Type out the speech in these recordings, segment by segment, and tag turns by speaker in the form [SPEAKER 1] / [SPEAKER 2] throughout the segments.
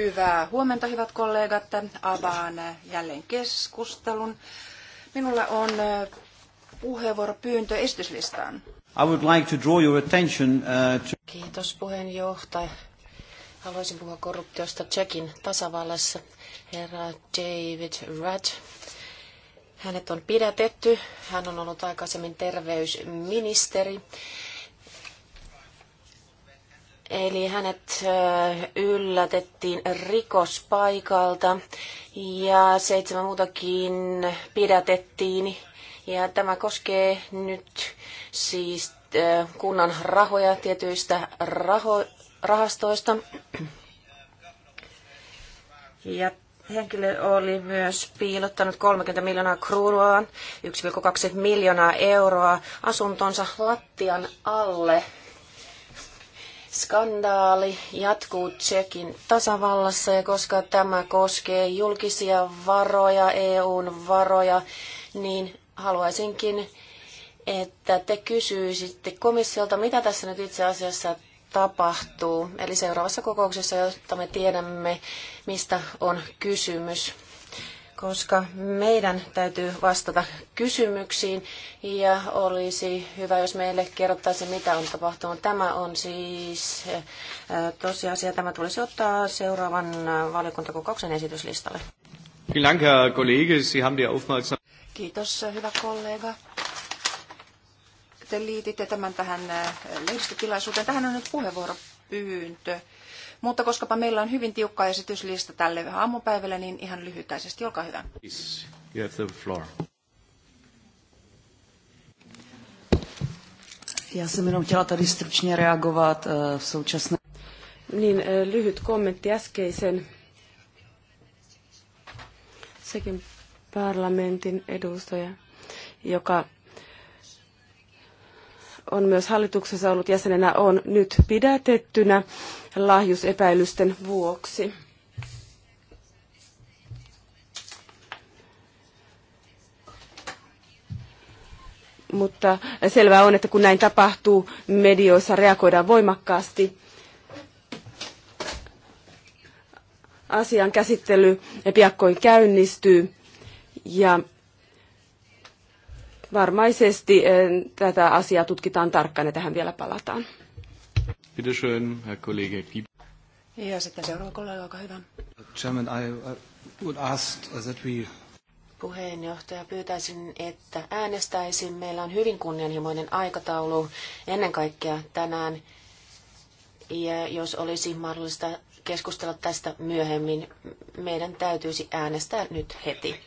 [SPEAKER 1] Hyvää huomenta, hyvät kollegat. Avaan jälleen keskustelun. Minulla on puheenvuoropyyntö esityslistaan.
[SPEAKER 2] I would like to draw your attention, uh, to...
[SPEAKER 3] Kiitos puheenjohtaja. Haluaisin puhua korruptiosta Tsekin tasavallassa. Herra David Rudd hänet on pidätetty. Hän on ollut aikaisemmin terveysministeri Eli hänet yllätettiin rikospaikalta ja seitsemän muutakin pidätettiin. Ja tämä koskee nyt siis kunnan rahoja tietyistä raho- rahastoista. Ja henkilö oli myös piilottanut 30 miljoonaa kruunua, 1,2 miljoonaa euroa asuntonsa lattian alle – Skandaali jatkuu Tsekin tasavallassa ja koska tämä koskee julkisia varoja, EUn varoja, niin haluaisinkin, että te kysyisitte komissiolta, mitä tässä nyt itse asiassa tapahtuu. Eli seuraavassa kokouksessa, jotta me tiedämme, mistä on kysymys koska meidän täytyy vastata kysymyksiin ja olisi hyvä, jos meille kerrottaisiin, mitä on tapahtunut. Tämä on siis tosiasia. Tämä tulisi ottaa seuraavan valiokuntakokouksen esityslistalle. Kiitos, hyvä kollega. Te liititte tämän
[SPEAKER 1] tähän lehdistötilaisuuteen. Tähän on nyt puheenvuoropyyntö. Mutta koskapa meillä on hyvin tiukka esityslista tälle aamupäivällä, niin ihan lyhytäisesti, olkaa hyvä.
[SPEAKER 4] you have the floor. Já jsem jenom chtěla tady stručně reagovat eh, v současné... Niin, eh, lyhyt kommentti äskeisen sekin parlamentin edustaja, joka on myös hallituksessa ollut jäsenenä, on nyt pidätettynä lahjusepäilysten vuoksi. Mutta selvää on, että kun näin tapahtuu, medioissa reagoidaan voimakkaasti. Asian käsittely piakkoin käynnistyy ja varmaisesti eh, tätä asiaa tutkitaan tarkkaan ja tähän vielä palataan.
[SPEAKER 2] Bitte schön, Herr Kollege Piep.
[SPEAKER 4] Ja sitten
[SPEAKER 3] seuraava kollega, olkaa hyvä.
[SPEAKER 2] Chairman, I would ask that we
[SPEAKER 3] puheenjohtaja, pyytäisin, että äänestäisin. Meillä on hyvin kunnianhimoinen aikataulu ennen kaikkea tänään. Ja jos olisi mahdollista keskustella tästä myöhemmin, meidän täytyisi äänestää nyt heti.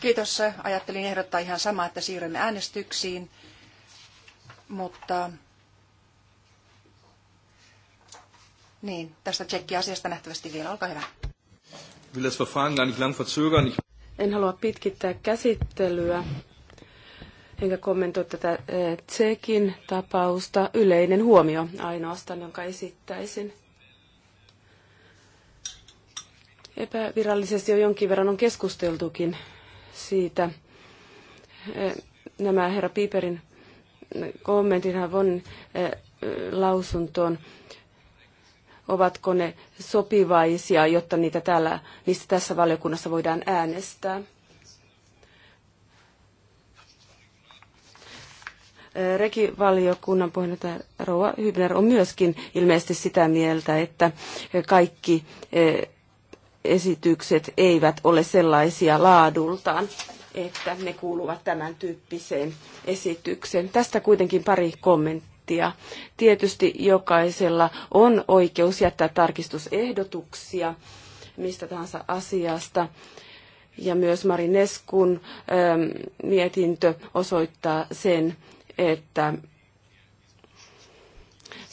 [SPEAKER 1] Kiitos. Ajattelin ehdottaa ihan samaa, että siirrymme äänestyksiin. Mutta niin, tästä tsekki-asiasta nähtävästi vielä. Olkaa hyvä.
[SPEAKER 4] En halua pitkittää käsittelyä, enkä kommentoi tätä eh, Tsekin tapausta. Yleinen huomio ainoastaan, jonka esittäisin. Epävirallisesti jo jonkin verran on keskusteltukin siitä. Eh, nämä herra Piperin kommentin von eh, lausuntoon ovatko ne sopivaisia, jotta niitä täällä, niistä tässä valiokunnassa voidaan äänestää. Eh, Rekivaliokunnan puheenjohtaja Rouva Hybner on myöskin ilmeisesti sitä mieltä, että kaikki eh, esitykset eivät ole sellaisia laadultaan, että ne kuuluvat tämän tyyppiseen esitykseen. Tästä kuitenkin pari kommenttia. Tietysti jokaisella on oikeus jättää tarkistusehdotuksia mistä tahansa asiasta. Ja myös Marineskun ähm, mietintö osoittaa sen, että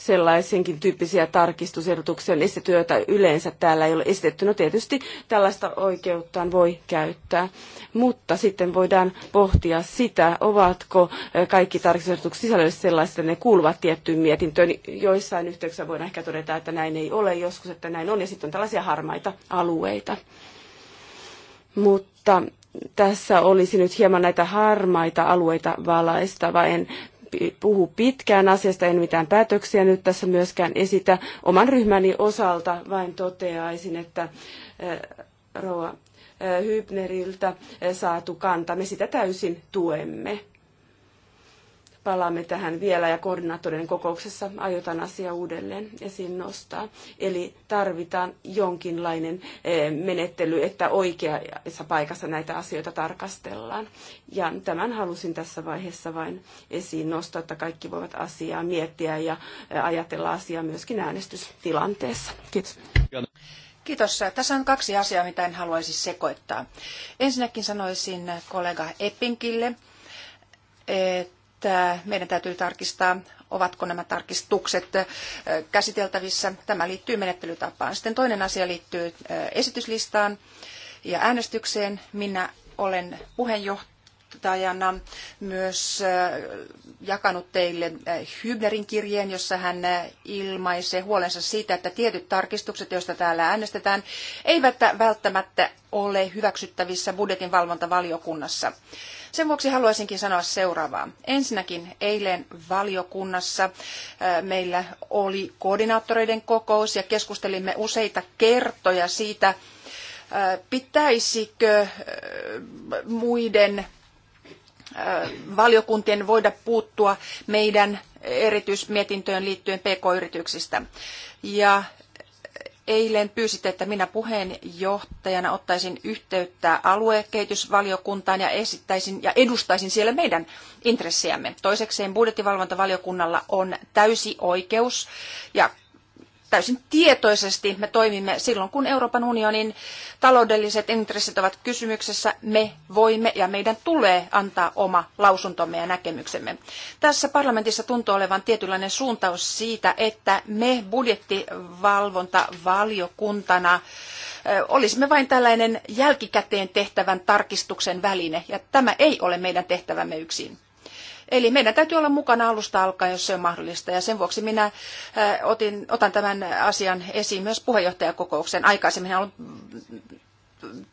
[SPEAKER 4] sellaisenkin tyyppisiä tarkistusehdotuksia on esitetty, joita yleensä täällä ei ole esitetty. No tietysti tällaista oikeuttaan voi käyttää, mutta sitten voidaan pohtia sitä, ovatko kaikki tarkistusehdotukset sisällöllisesti sellaiset, että ne kuuluvat tiettyyn mietintöön. Joissain yhteyksissä voidaan ehkä todeta, että näin ei ole, joskus, että näin on, ja sitten on tällaisia harmaita alueita. Mutta tässä olisi nyt hieman näitä harmaita alueita valaistava. En puhu pitkään asiasta, en mitään päätöksiä nyt tässä myöskään esitä. Oman ryhmäni osalta vain toteaisin, että eh, Roa Hybneriltä eh, eh, saatu kanta, me sitä täysin tuemme palaamme tähän vielä ja koordinaattorien kokouksessa aiotaan asia uudelleen esiin nostaa. Eli tarvitaan jonkinlainen eh, menettely, että oikeassa paikassa näitä asioita tarkastellaan. Ja tämän halusin tässä vaiheessa vain esiin nostaa, että kaikki voivat asiaa miettiä ja eh, ajatella asiaa myöskin äänestystilanteessa. Kiitos. Kiitos. Tässä on kaksi asiaa, mitä en haluaisi sekoittaa.
[SPEAKER 1] Ensinnäkin sanoisin kollega Eppinkille, että meidän täytyy tarkistaa, ovatko nämä tarkistukset käsiteltävissä. Tämä liittyy menettelytapaan. Sitten toinen asia liittyy esityslistaan ja äänestykseen. Minä olen puheenjohtajana myös jakanut teille Hybnerin eh, kirjeen, jossa hän eh, ilmaisee huolensa siitä, että tietyt tarkistukset, joista täällä äänestetään, eivät välttämättä ole hyväksyttävissä budjetin valvontavaliokunnassa. Sen vuoksi haluaisinkin sanoa seuraavaa. Ensinnäkin eilen valiokunnassa eh, meillä oli koordinaattoreiden kokous ja keskustelimme useita kertoja siitä, pitäisikö muiden valiokuntien voida puuttua meidän erityismietintöön liittyen PK-yrityksistä. Ja eilen pyysitte, että minä puheenjohtajana ottaisin yhteyttä aluekehitysvaliokuntaan ja esittäisin ja edustaisin siellä meidän intressiämme. Toisekseen budjettivalvontavaliokunnalla on täysi oikeus ja täysin tietoisesti me toimimme silloin, kun Euroopan unionin taloudelliset intressit ovat kysymyksessä. Me voimme ja meidän tulee antaa oma lausuntomme ja näkemyksemme. Tässä parlamentissa tuntuu olevan tietynlainen suuntaus siitä, että me budjettivalvontavaliokuntana olisimme vain tällainen jälkikäteen tehtävän tarkistuksen väline, ja tämä ei ole meidän tehtävämme yksin. Eli meidän täytyy olla mukana alusta alkaen, jos se on mahdollista. Ja sen vuoksi minä äh, otin, otan tämän asian esiin myös puheenjohtajakokouksen. Aikaisemmin on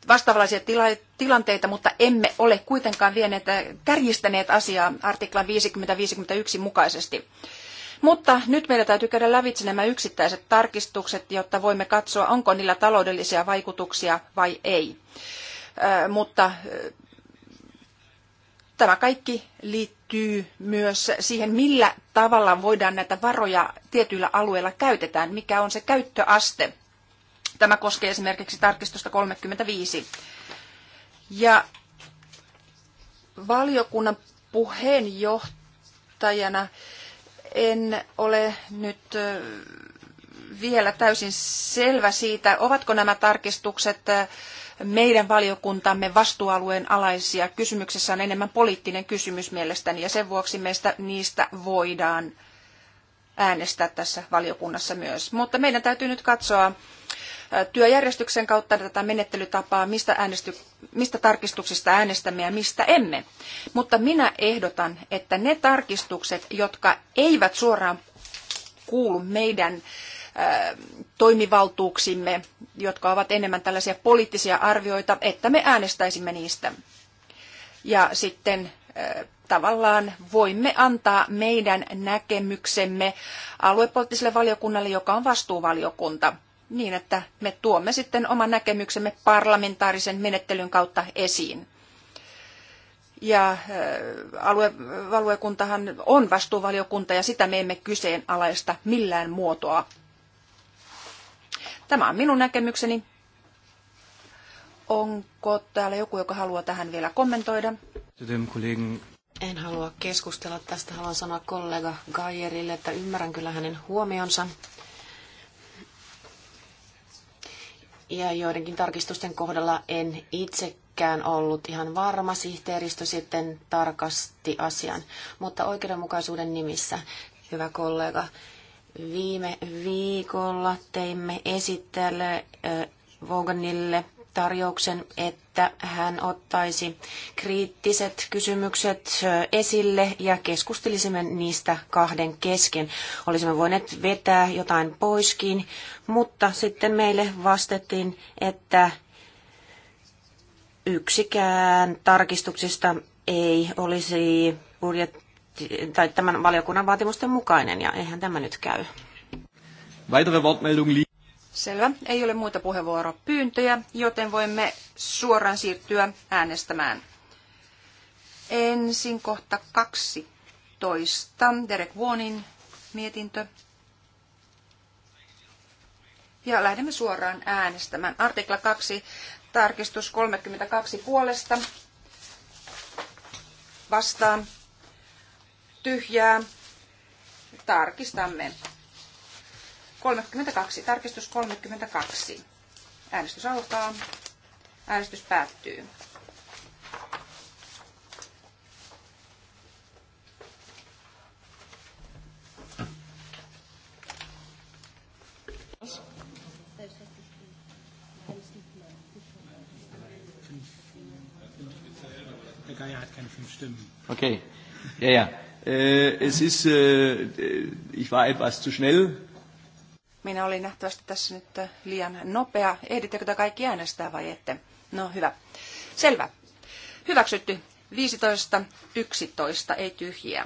[SPEAKER 1] vastaavanlaisia tilanteita, mutta emme ole kuitenkaan vieneet, äh, kärjistäneet asiaa artiklan 50-51 mukaisesti. Mutta nyt meidän täytyy käydä lävitse nämä yksittäiset tarkistukset, jotta voimme katsoa, onko niillä taloudellisia vaikutuksia vai ei. Äh, mutta Tämä kaikki liittyy myös siihen, millä tavalla voidaan näitä varoja tietyillä alueilla käytetään, mikä on se käyttöaste. Tämä koskee esimerkiksi tarkistusta 35. Ja valiokunnan puheenjohtajana en ole nyt vielä täysin selvä siitä, ovatko nämä tarkistukset meidän valiokuntamme vastuualueen alaisia. Kysymyksessä on enemmän poliittinen kysymys mielestäni ja sen vuoksi meistä niistä voidaan äänestää tässä valiokunnassa myös. Mutta meidän täytyy nyt katsoa äh, työjärjestyksen kautta tätä menettelytapaa, mistä, äänesty, mistä tarkistuksista äänestämme ja mistä emme. Mutta minä ehdotan, että ne tarkistukset, jotka eivät suoraan kuulu meidän toimivaltuuksimme, jotka ovat enemmän tällaisia poliittisia arvioita, että me äänestäisimme niistä. Ja sitten tavallaan voimme antaa meidän näkemyksemme aluepoliittiselle valiokunnalle, joka on vastuuvaliokunta, niin että me tuomme sitten oman näkemyksemme parlamentaarisen menettelyn kautta esiin. Ja aluevaliokuntahan on vastuuvaliokunta ja sitä me emme kyseenalaista millään muotoa Tämä on minun näkemykseni. Onko
[SPEAKER 3] täällä joku, joka haluaa tähän vielä kommentoida? En halua keskustella tästä. Haluan sanoa kollega Gajerille, että ymmärrän kyllä hänen huomionsa. Ja joidenkin tarkistusten kohdalla en itsekään ollut ihan varma. Sihteeristö sitten tarkasti asian. Mutta oikeudenmukaisuuden nimissä, hyvä kollega, Viime viikolla teimme esittele Voganille tarjouksen, että hän ottaisi kriittiset kysymykset esille ja keskustelisimme niistä kahden kesken. Olisimme voineet vetää jotain poiskin, mutta sitten meille vastettiin, että yksikään tarkistuksista ei olisi budjetti tai tämän valiokunnan vaatimusten mukainen, ja eihän tämä nyt käy.
[SPEAKER 1] Selvä. Ei ole muita puheenvuoropyyntöjä, joten voimme suoraan siirtyä äänestämään. Ensin kohta 12. Derek Vuonin mietintö. Ja lähdemme suoraan äänestämään. Artikla 2, tarkistus 32 puolesta. Vastaan tyhjää. Tarkistamme. 32. Tarkistus 32. Äänestys alkaa. Äänestys päättyy.
[SPEAKER 2] Okay. Yeah, yeah. Eh, es ist, äh, äh, ich war etwas zu schnell. Minä olin
[SPEAKER 1] nähtävästi tässä nyt äh, liian nopea. Ehdittekö te kaikki äänestää vai ette? No hyvä. Selvä. Hyväksytty. 15, 11, ei tyhjiä.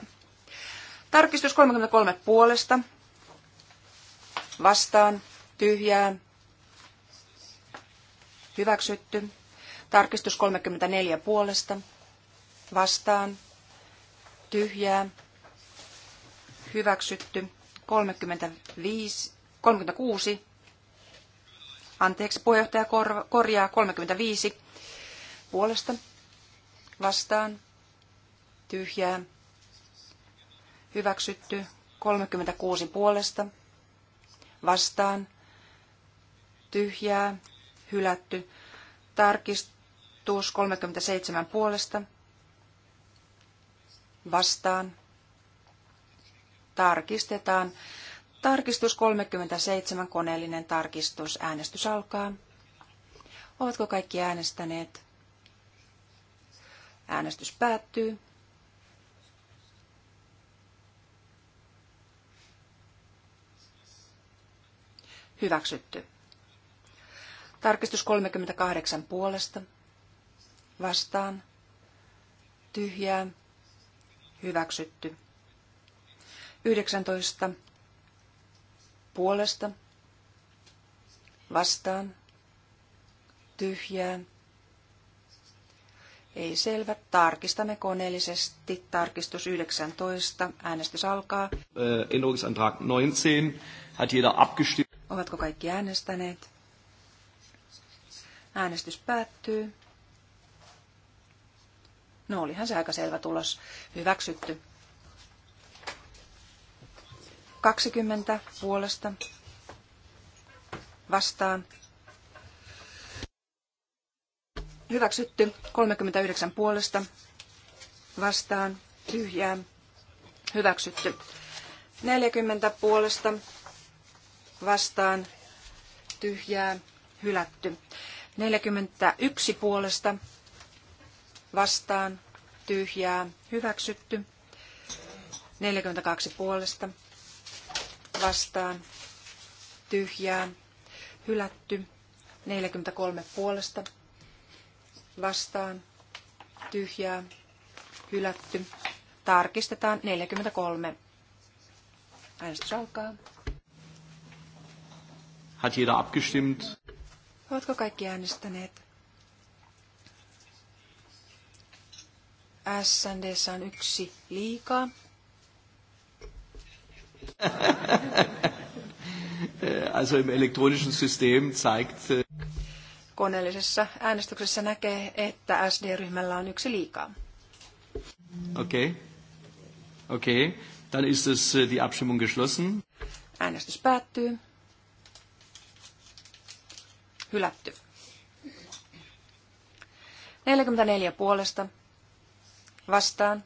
[SPEAKER 1] Tarkistus 33 puolesta. Vastaan. Tyhjää. Hyväksytty. Tarkistus 34 puolesta. Vastaan tyhjää, hyväksytty. 35, 36, anteeksi, puheenjohtaja kor, korjaa 35 puolesta vastaan, tyhjää, hyväksytty. 36 puolesta vastaan, tyhjää, hylätty. Tarkistus 37 puolesta vastaan. Tarkistetaan. Tarkistus 37, koneellinen tarkistus. Äänestys alkaa. Ovatko kaikki äänestäneet? Äänestys päättyy. Hyväksytty. Tarkistus 38 puolesta. Vastaan. Tyhjää hyväksytty. 19 puolesta vastaan tyhjää. Ei selvä. Tarkistamme koneellisesti. Tarkistus 19. Äänestys alkaa. Äh,
[SPEAKER 2] Änderungsantrag 19. Hat jeder abgestimmt.
[SPEAKER 1] Ovatko kaikki äänestäneet? Äänestys päättyy. No olihan se aika selvä tulos. Hyväksytty. 20 puolesta vastaan. Hyväksytty 39 puolesta vastaan tyhjää. Hyväksytty 40 puolesta vastaan tyhjää. Hylätty 41 puolesta vastaan tyhjää, hyväksytty. 42 puolesta, vastaan, tyhjää, hylätty. 43 puolesta, vastaan, tyhjää, hylätty. Tarkistetaan 43. Äänestys alkaa.
[SPEAKER 2] Hat jeder abgestimmt?
[SPEAKER 1] Ovatko kaikki äänestäneet? SND on yksi liikaa.
[SPEAKER 2] also im elektronischen System zeigt... Äh,
[SPEAKER 1] Koneellisessa äänestyksessä näkee, että SD-ryhmällä on yksi liikaa.
[SPEAKER 2] Okei. Okay. Okei. Okay. Dann ist es äh, die Abstimmung geschlossen. Äänestys päättyy. Hylätty.
[SPEAKER 1] 44 puolesta, vastaan.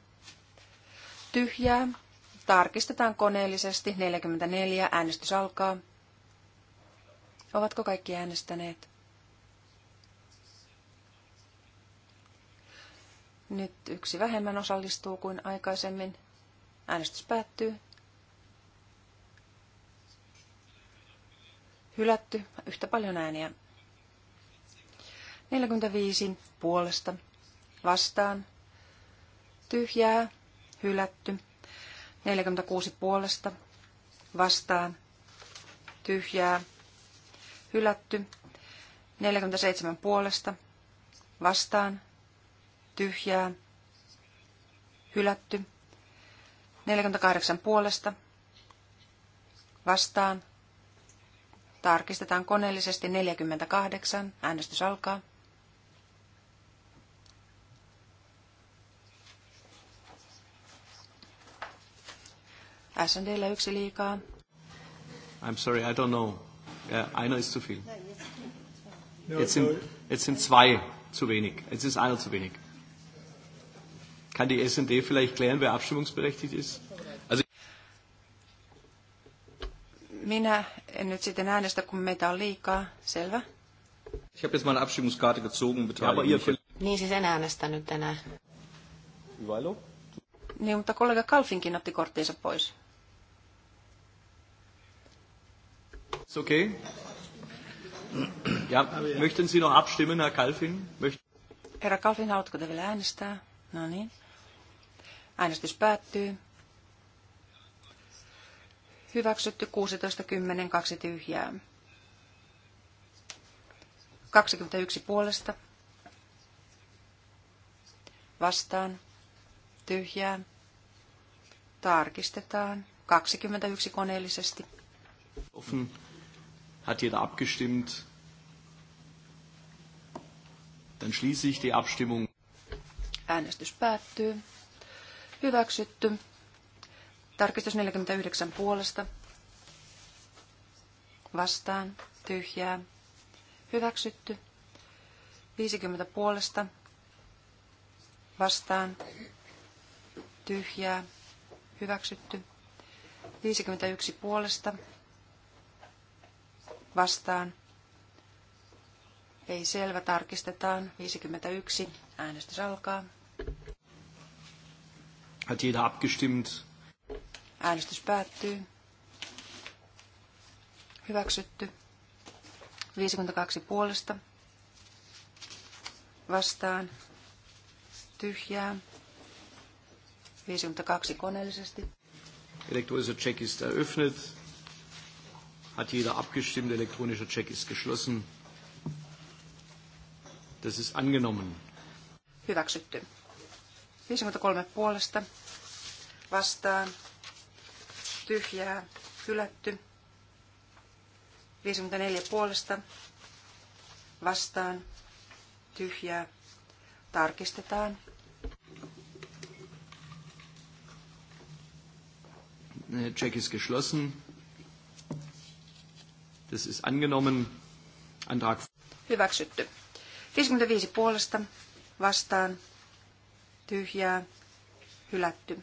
[SPEAKER 1] Tyhjää. Tarkistetaan koneellisesti. 44. Äänestys alkaa. Ovatko kaikki äänestäneet? Nyt yksi vähemmän osallistuu kuin aikaisemmin. Äänestys päättyy. Hylätty yhtä paljon ääniä. 45 puolesta vastaan tyhjää, hylätty. 46 puolesta vastaan, tyhjää, hylätty. 47 puolesta vastaan, tyhjää, hylätty. 48 puolesta vastaan. Tarkistetaan koneellisesti 48. Äänestys alkaa. SNDllä yksi liikaa.
[SPEAKER 2] I'm sorry, I don't know. Yeah, einer ist zu viel. Jetzt sind, jetzt sind zwei zu wenig. Jetzt ist einer zu wenig. Kann die SD vielleicht klären, wer abstimmungsberechtigt ist?
[SPEAKER 1] Also Minä en nyt sitten äänestä,
[SPEAKER 3] kun meitä on liikaa. Selvä.
[SPEAKER 2] Ich habe jetzt meine Abstimmungskarte gezogen, beteilige mich.
[SPEAKER 3] Niin siis en äänestänyt tänään. Yvailo? Niin, mutta kollega Kalfinkin otti korttinsa pois.
[SPEAKER 2] It's okay. Ja, möchten Sie noch abstimmen, Herr Kalfin? Möcht...
[SPEAKER 1] Herra Kalfin, haluatko te vielä äänestää? No niin. Äänestys päättyy. Hyväksytty 16, 10, 2 tyhjää. 21 puolesta. Vastaan. Tyhjää. Tarkistetaan. 21 koneellisesti.
[SPEAKER 2] Offen. Hat jeder abgestimmt? Dann schließe ich die Abstimmung.
[SPEAKER 1] Äänestys päättyy. Hyväksytty. Tarkistus 49 puolesta. Vastaan. Tyhjää. Hyväksytty. 50 puolesta. Vastaan. Tyhjää. Hyväksytty. 51 puolesta vastaan. Ei selvä, tarkistetaan. 51. Äänestys alkaa.
[SPEAKER 2] Hat jeder abgestimmt?
[SPEAKER 1] Äänestys päättyy. Hyväksytty. 52 puolesta. Vastaan. Tyhjää. 52 koneellisesti.
[SPEAKER 2] Elektronischer Check ist eröffnet. Hat jeder abgestimmt? Elektronischer Check ist geschlossen. Das ist angenommen.
[SPEAKER 1] Hyväksytty. 53 puolesta vastaan. Tyhjää. Hylätty. 54 puolesta vastaan. Tyhjää. Tarkistetaan.
[SPEAKER 2] Check ist geschlossen. Das ist angenommen. Antrag.
[SPEAKER 1] Hyväksytty. 55 puolesta vastaan tyhjää hylätty.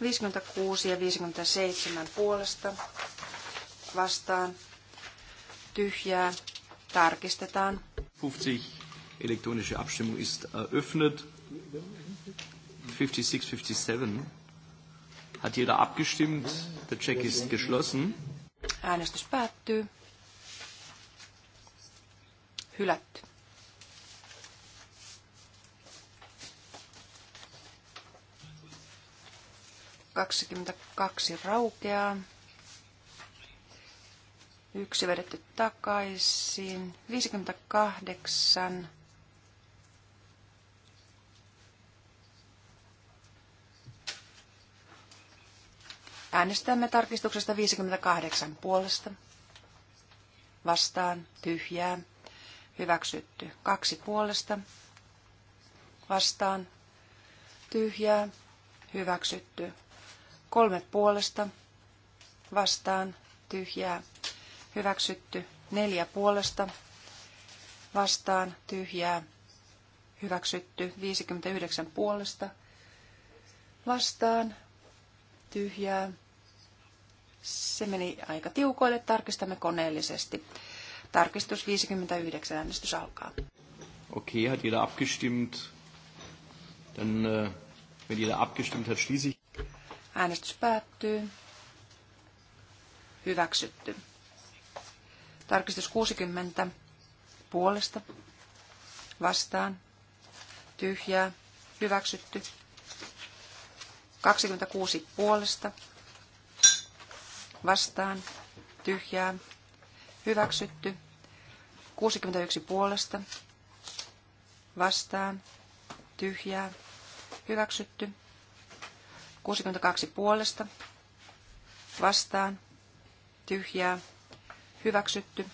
[SPEAKER 1] 56 ja 57 puolesta vastaan tyhjää tarkistetaan.
[SPEAKER 2] 50 elektronische Abstimmung ist eröffnet. 56, 57 hat jeder abgestimmt. Der Check ist geschlossen.
[SPEAKER 1] Äänestys päättyy. Hylätty. kaksi raukeaa. Yksi vedetty takaisin. 58 Äänestämme tarkistuksesta 58 puolesta. Vastaan tyhjää. Hyväksytty. Kaksi puolesta. Vastaan tyhjää. Hyväksytty. Kolme puolesta. Vastaan tyhjää. Hyväksytty. Neljä puolesta. Vastaan tyhjää. Hyväksytty. 59 puolesta. Vastaan tyhjää. Se meni aika tiukoille. Tarkistamme koneellisesti. Tarkistus 59. Äänestys alkaa.
[SPEAKER 2] Okei, okay, hat jeder abgestimmt. Dann, äh, wenn jeder abgestimmt hat, schließe ich.
[SPEAKER 1] Äänestys päättyy.
[SPEAKER 2] Hyväksytty.
[SPEAKER 1] Tarkistus 60. Puolesta. Vastaan. Tyhjää. Hyväksytty. 26 puolesta vastaan tyhjää hyväksytty. 61 puolesta vastaan tyhjää hyväksytty. 62 puolesta vastaan tyhjää hyväksytty.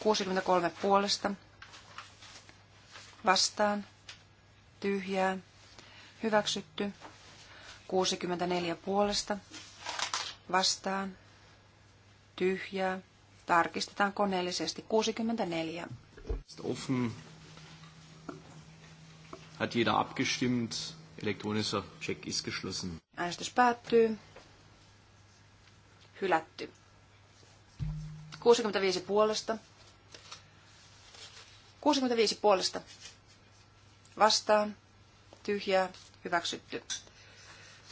[SPEAKER 1] 63 puolesta vastaan tyhjää hyväksytty. 64 puolesta vastaan tyhjää. Tarkistetaan koneellisesti 64.
[SPEAKER 2] Offen. Hat jeder abgestimmt. Elektronischer Check ist geschlossen.
[SPEAKER 1] Äänestys päättyy. Hylätty. 65 puolesta. 65 puolesta. Vastaan. Tyhjää. Hyväksytty.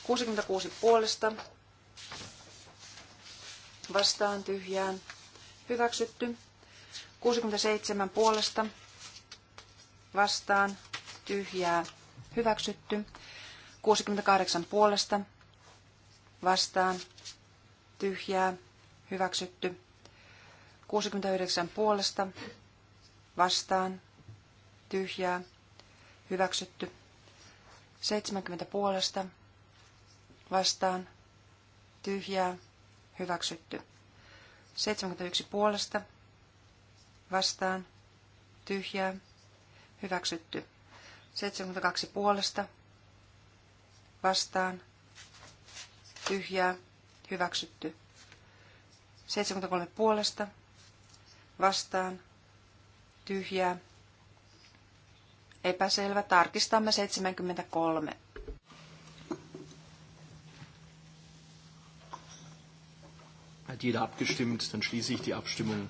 [SPEAKER 1] 66 puolesta vastaan tyhjään hyväksytty. 67 puolesta vastaan tyhjää hyväksytty. 68 puolesta vastaan tyhjää hyväksytty. 69 puolesta vastaan tyhjää hyväksytty. 70 puolesta vastaan, tyhjää, hyväksytty. 71 puolesta, vastaan, tyhjää, hyväksytty. 72 puolesta, vastaan, tyhjää, hyväksytty. 73 puolesta, vastaan, tyhjää, epäselvä, tarkistamme 73.
[SPEAKER 2] jeder abgestimmt? Dann schließe ich die Abstimmung.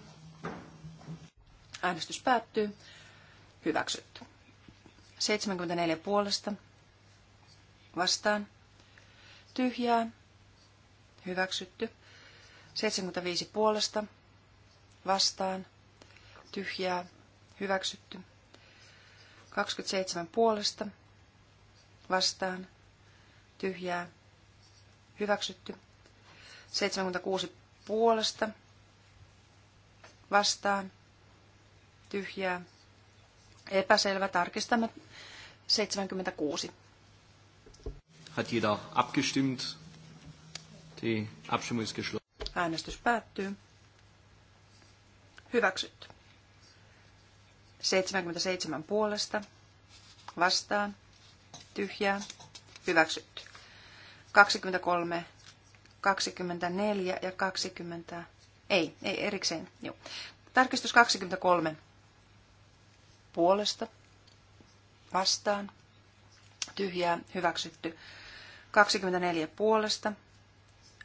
[SPEAKER 1] Äänestys päättyy. Hyväksytty. 74 puolesta. Vastaan. Tyhjää. Hyväksytty. 75 puolesta. Vastaan. Tyhjää. Hyväksytty. 27 puolesta. Vastaan. Tyhjää. Hyväksytty. 76 puolesta vastaan tyhjää epäselvä. Tarkistamme 76.
[SPEAKER 2] Hat jeder abgestimmt? Die Abstimmung ist geschlossen.
[SPEAKER 1] Äänestys päättyy. Hyväksytty. 77 puolesta. Vastaan. Tyhjää. Hyväksytty. 23 24 ja 20... Ei, ei erikseen. Joo. Tarkistus 23. Puolesta. Vastaan. Tyhjää. Hyväksytty. 24 puolesta.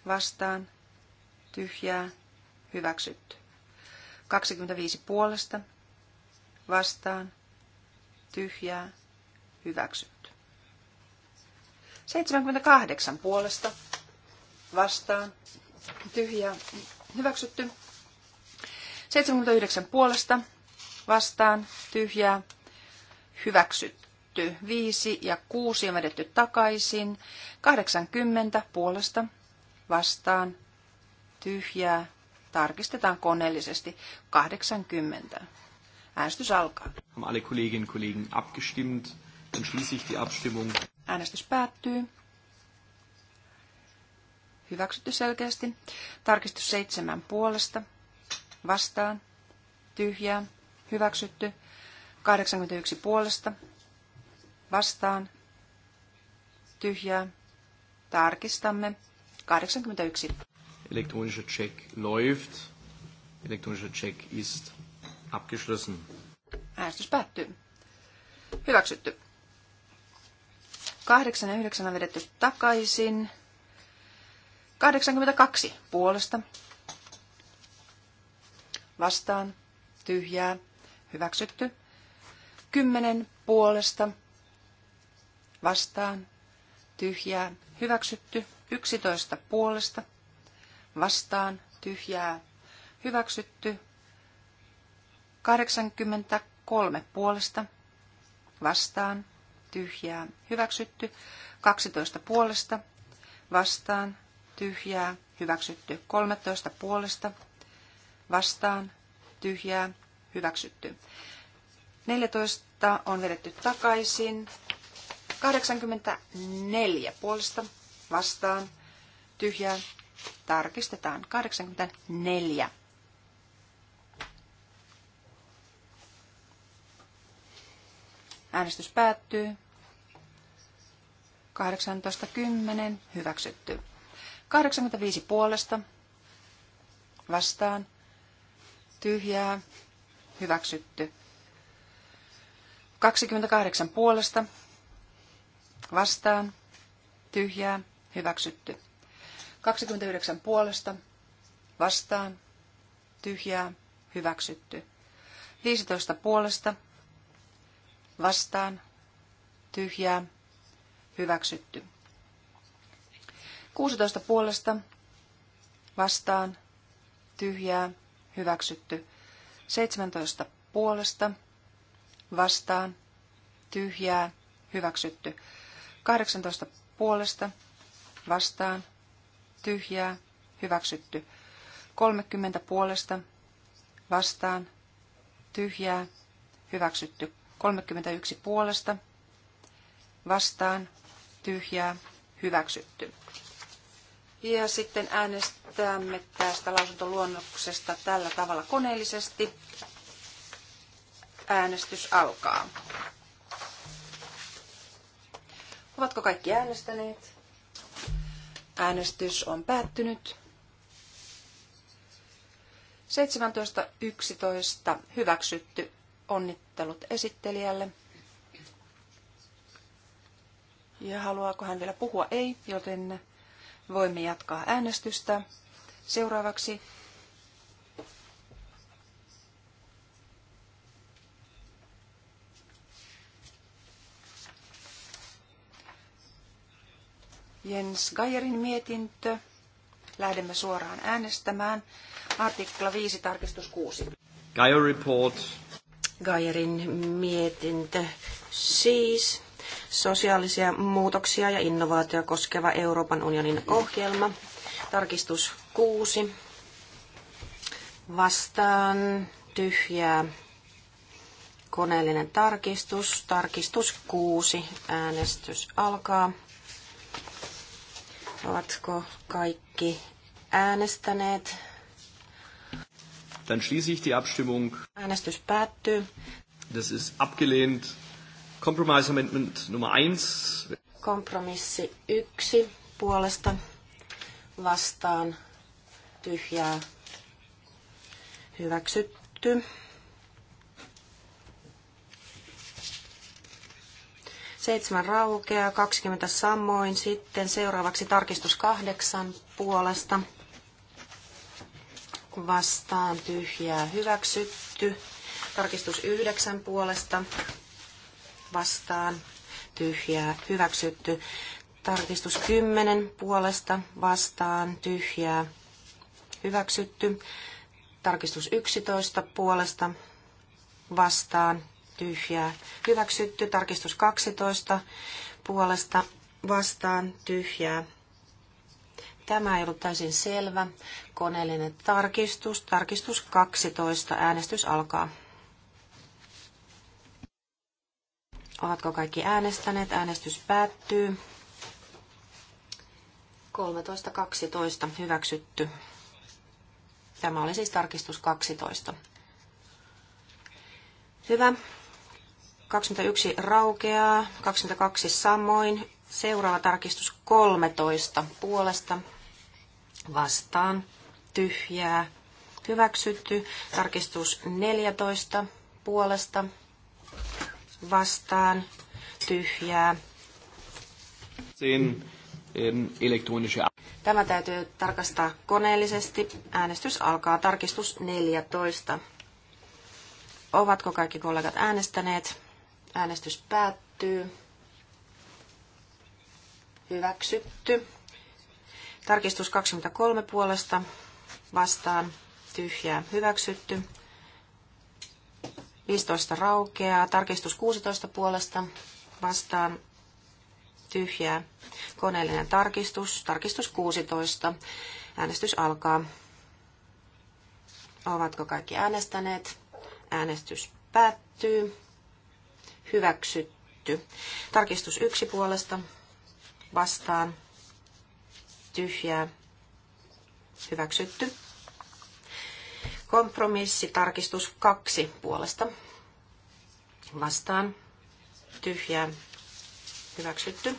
[SPEAKER 1] Vastaan. Tyhjää. Hyväksytty. 25 puolesta. Vastaan. Tyhjää. Hyväksytty. 78 puolesta vastaan, tyhjää, hyväksytty. 79 puolesta vastaan, tyhjää, hyväksytty. 5 ja 6 on vedetty takaisin. 80 puolesta vastaan, tyhjää, tarkistetaan koneellisesti. 80. Äänestys alkaa.
[SPEAKER 2] Haben alle Kolleginnen und Kollegen abgestimmt? Dann schließe ich die Abstimmung.
[SPEAKER 1] Äänestys päättyy. Hyväksytty selkeästi. Tarkistus seitsemän puolesta. Vastaan. Tyhjää. Hyväksytty. 81 puolesta. Vastaan. Tyhjää. Tarkistamme. 81.
[SPEAKER 2] Elektronischer Check läuft. Elektronischer Check ist abgeschlossen.
[SPEAKER 1] Äänestys päättyy. Hyväksytty. 8 ja 9 on vedetty takaisin. 82 puolesta. Vastaan. Tyhjää. Hyväksytty. 10 puolesta. Vastaan. Tyhjää. Hyväksytty. 11 puolesta. Vastaan. Tyhjää. Hyväksytty. 83 puolesta. Vastaan. Tyhjää. Hyväksytty. 12 puolesta. Vastaan tyhjää, hyväksytty. 13 puolesta, vastaan, tyhjää, hyväksytty. 14 on vedetty takaisin. 84 puolesta, vastaan, tyhjää, tarkistetaan. 84. Äänestys päättyy. 18.10. Hyväksytty. 85 puolesta vastaan tyhjää hyväksytty. 28 puolesta vastaan tyhjää hyväksytty. 29 puolesta vastaan tyhjää hyväksytty. 15 puolesta vastaan tyhjää hyväksytty. 16 puolesta vastaan tyhjää hyväksytty. 17 puolesta vastaan tyhjää hyväksytty. 18 puolesta vastaan tyhjää hyväksytty. 30 puolesta vastaan tyhjää hyväksytty. 31 puolesta vastaan tyhjää hyväksytty. Ja sitten äänestämme tästä lausuntoluonnoksesta tällä tavalla koneellisesti. Äänestys alkaa. Ovatko kaikki äänestäneet? Äänestys on päättynyt. 17.11. Hyväksytty. Onnittelut esittelijälle. Ja haluaako hän vielä puhua? Ei, joten Voimme jatkaa äänestystä. Seuraavaksi Jens Gajerin mietintö. Lähdemme suoraan äänestämään.
[SPEAKER 3] Artikla 5, tarkistus 6.
[SPEAKER 2] Gajer report.
[SPEAKER 3] Gajerin mietintö. Siis sosiaalisia muutoksia ja innovaatio koskeva Euroopan unionin ohjelma. Tarkistus 6. Vastaan tyhjää koneellinen tarkistus. Tarkistus 6. Äänestys alkaa. Ovatko kaikki äänestäneet?
[SPEAKER 2] Dann schließe ich die Abstimmung.
[SPEAKER 3] Äänestys päättyy.
[SPEAKER 2] Das ist abgelehnt Compromise amendment 1.
[SPEAKER 3] Kompromissi 1 puolesta vastaan tyhjää hyväksytty. Seitsemän raukeaa, 20 samoin. Sitten seuraavaksi tarkistus kahdeksan puolesta. Vastaan tyhjää hyväksytty. Tarkistus yhdeksän puolesta vastaan tyhjää hyväksytty. Tarkistus 10 puolesta vastaan tyhjää hyväksytty. Tarkistus 11 puolesta vastaan tyhjää hyväksytty. Tarkistus 12 puolesta vastaan tyhjää. Tämä ei ollut täysin selvä. Koneellinen tarkistus. Tarkistus 12. Äänestys alkaa. Ovatko kaikki äänestäneet? Äänestys päättyy. 13.12. Hyväksytty. Tämä oli siis tarkistus 12. Hyvä. 21 raukeaa, 22 samoin. Seuraava tarkistus 13 puolesta. Vastaan. Tyhjää. Hyväksytty. Tarkistus 14 puolesta vastaan tyhjää. Tämä täytyy tarkastaa koneellisesti. Äänestys alkaa tarkistus 14. Ovatko kaikki kollegat äänestäneet? Äänestys päättyy. Hyväksytty. Tarkistus 23 puolesta vastaan tyhjää hyväksytty. 15 raukeaa. Tarkistus 16 puolesta vastaan tyhjää. Koneellinen tarkistus. Tarkistus 16. Äänestys alkaa. Ovatko kaikki äänestäneet? Äänestys päättyy. Hyväksytty. Tarkistus yksi puolesta. Vastaan. Tyhjää. Hyväksytty. Kompromissi tarkistus kaksi puolesta. Vastaan. Tyhjää. Hyväksytty.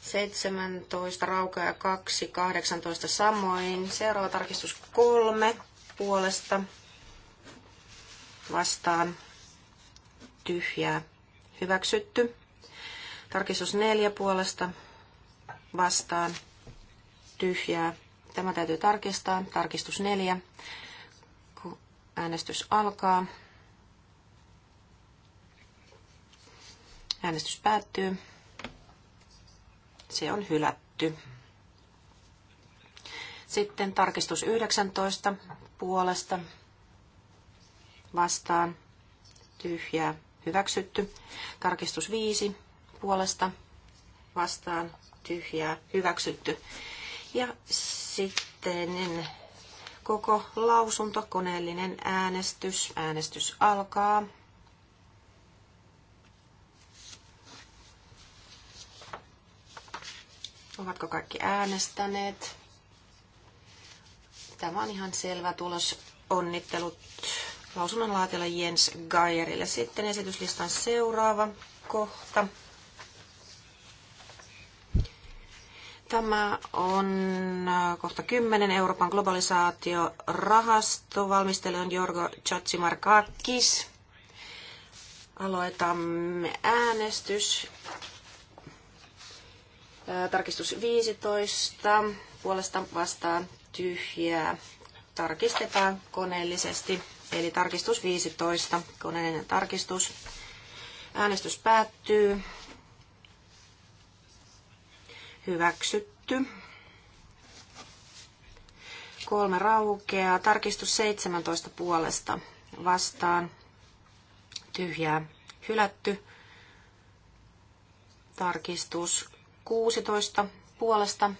[SPEAKER 3] 17 raukaa ja 2, 18 samoin. Seuraava tarkistus kolme puolesta. Vastaan. Tyhjää. Hyväksytty. Tarkistus neljä puolesta. Vastaan. Tyhjää Tämä täytyy tarkistaa. Tarkistus neljä, kun äänestys alkaa. Äänestys päättyy. Se on hylätty. Sitten tarkistus 19 puolesta vastaan tyhjää hyväksytty. Tarkistus 5 puolesta vastaan tyhjää hyväksytty. Ja sitten koko lausunto, koneellinen äänestys. Äänestys alkaa. Ovatko kaikki äänestäneet? Tämä on ihan selvä tulos. Onnittelut lausunnonlaatijalle Jens Geierille. Sitten esityslistan seuraava kohta. Tämä on äh, kohta 10 Euroopan globalisaatiorahasto. Valmistelija on Jorgo Chatsimarkakis. Aloitamme äänestys. Äh, tarkistus 15. Puolesta vastaan tyhjää. Tarkistetaan koneellisesti. Eli tarkistus 15. Koneellinen tarkistus. Äänestys päättyy. Hyväksytty. Kolme raukeaa. Tarkistus 17 puolesta. Vastaan. Tyhjää. Hylätty. Tarkistus 16 puolesta.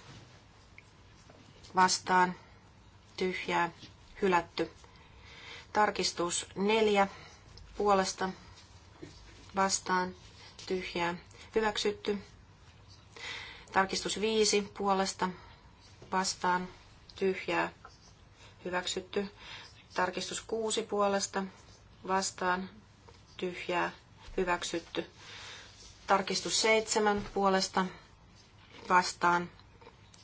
[SPEAKER 3] Vastaan. Tyhjää. Hylätty. Tarkistus 4 puolesta. Vastaan. Tyhjää. Hyväksytty Tarkistus 5 puolesta vastaan tyhjää hyväksytty. Tarkistus 6 puolesta vastaan tyhjää hyväksytty. Tarkistus 7 puolesta vastaan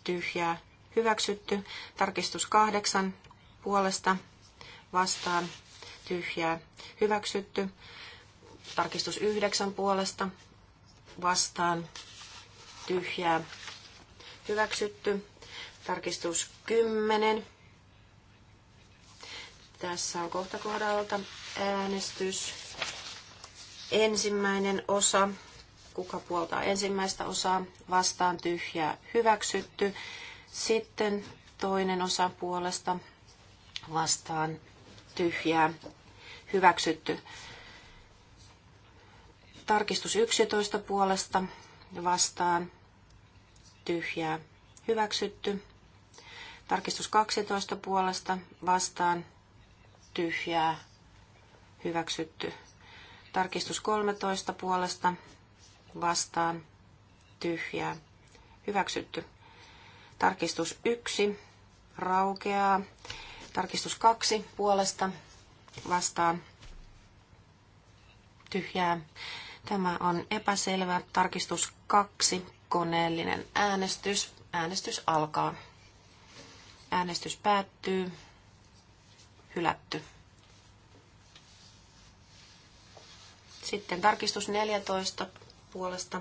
[SPEAKER 3] tyhjää hyväksytty. Tarkistus 8 puolesta vastaan tyhjää hyväksytty. Tarkistus 9 puolesta vastaan tyhjää hyväksytty. Tarkistus 10. Tässä on kohta kohdalta äänestys. Ensimmäinen osa. Kuka puoltaa ensimmäistä osaa? Vastaan tyhjää hyväksytty. Sitten toinen osa puolesta vastaan tyhjää hyväksytty. Tarkistus 11 puolesta vastaan tyhjää hyväksytty. Tarkistus 12 puolesta vastaan tyhjää hyväksytty. Tarkistus 13 puolesta vastaan tyhjää hyväksytty. Tarkistus 1 raukeaa. Tarkistus 2 puolesta vastaan tyhjää Tämä on epäselvä. Tarkistus kaksi. Koneellinen äänestys. Äänestys alkaa. Äänestys päättyy. Hylätty. Sitten tarkistus 14 puolesta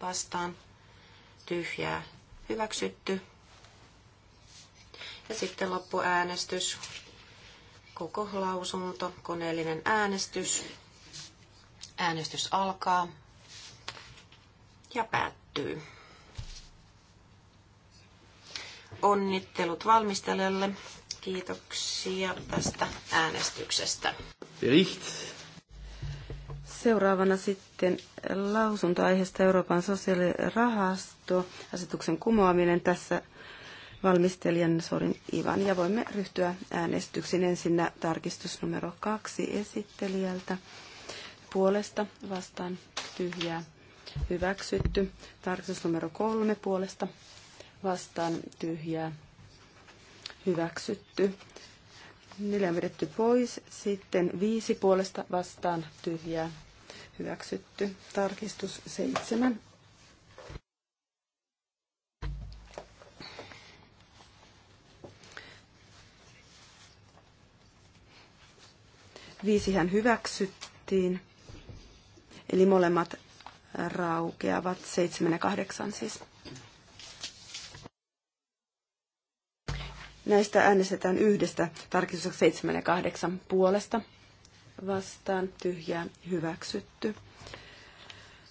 [SPEAKER 3] vastaan. Tyhjää. Hyväksytty. Ja sitten loppuäänestys. Koko lausunto. Koneellinen äänestys. Äänestys alkaa ja päättyy. Onnittelut valmistelijalle.
[SPEAKER 4] Kiitoksia
[SPEAKER 3] tästä äänestyksestä.
[SPEAKER 2] Bericht.
[SPEAKER 4] Seuraavana sitten lausuntoaiheesta Euroopan sosiaalirahasto, asetuksen kumoaminen tässä valmistelijan Sorin Ivan. Ja voimme ryhtyä äänestyksiin ensinnä tarkistus numero kaksi esittelijältä puolesta vastaan tyhjää hyväksytty. Tarkistus numero kolme puolesta vastaan tyhjää hyväksytty. Neljä on vedetty pois. Sitten viisi puolesta vastaan tyhjää hyväksytty. Tarkistus seitsemän. Viisi hän hyväksyttiin. Eli molemmat raukeavat 7 ja 8 siis. Näistä äänestetään yhdestä tarkistuksesta 7 ja 8 puolesta vastaan tyhjää hyväksytty.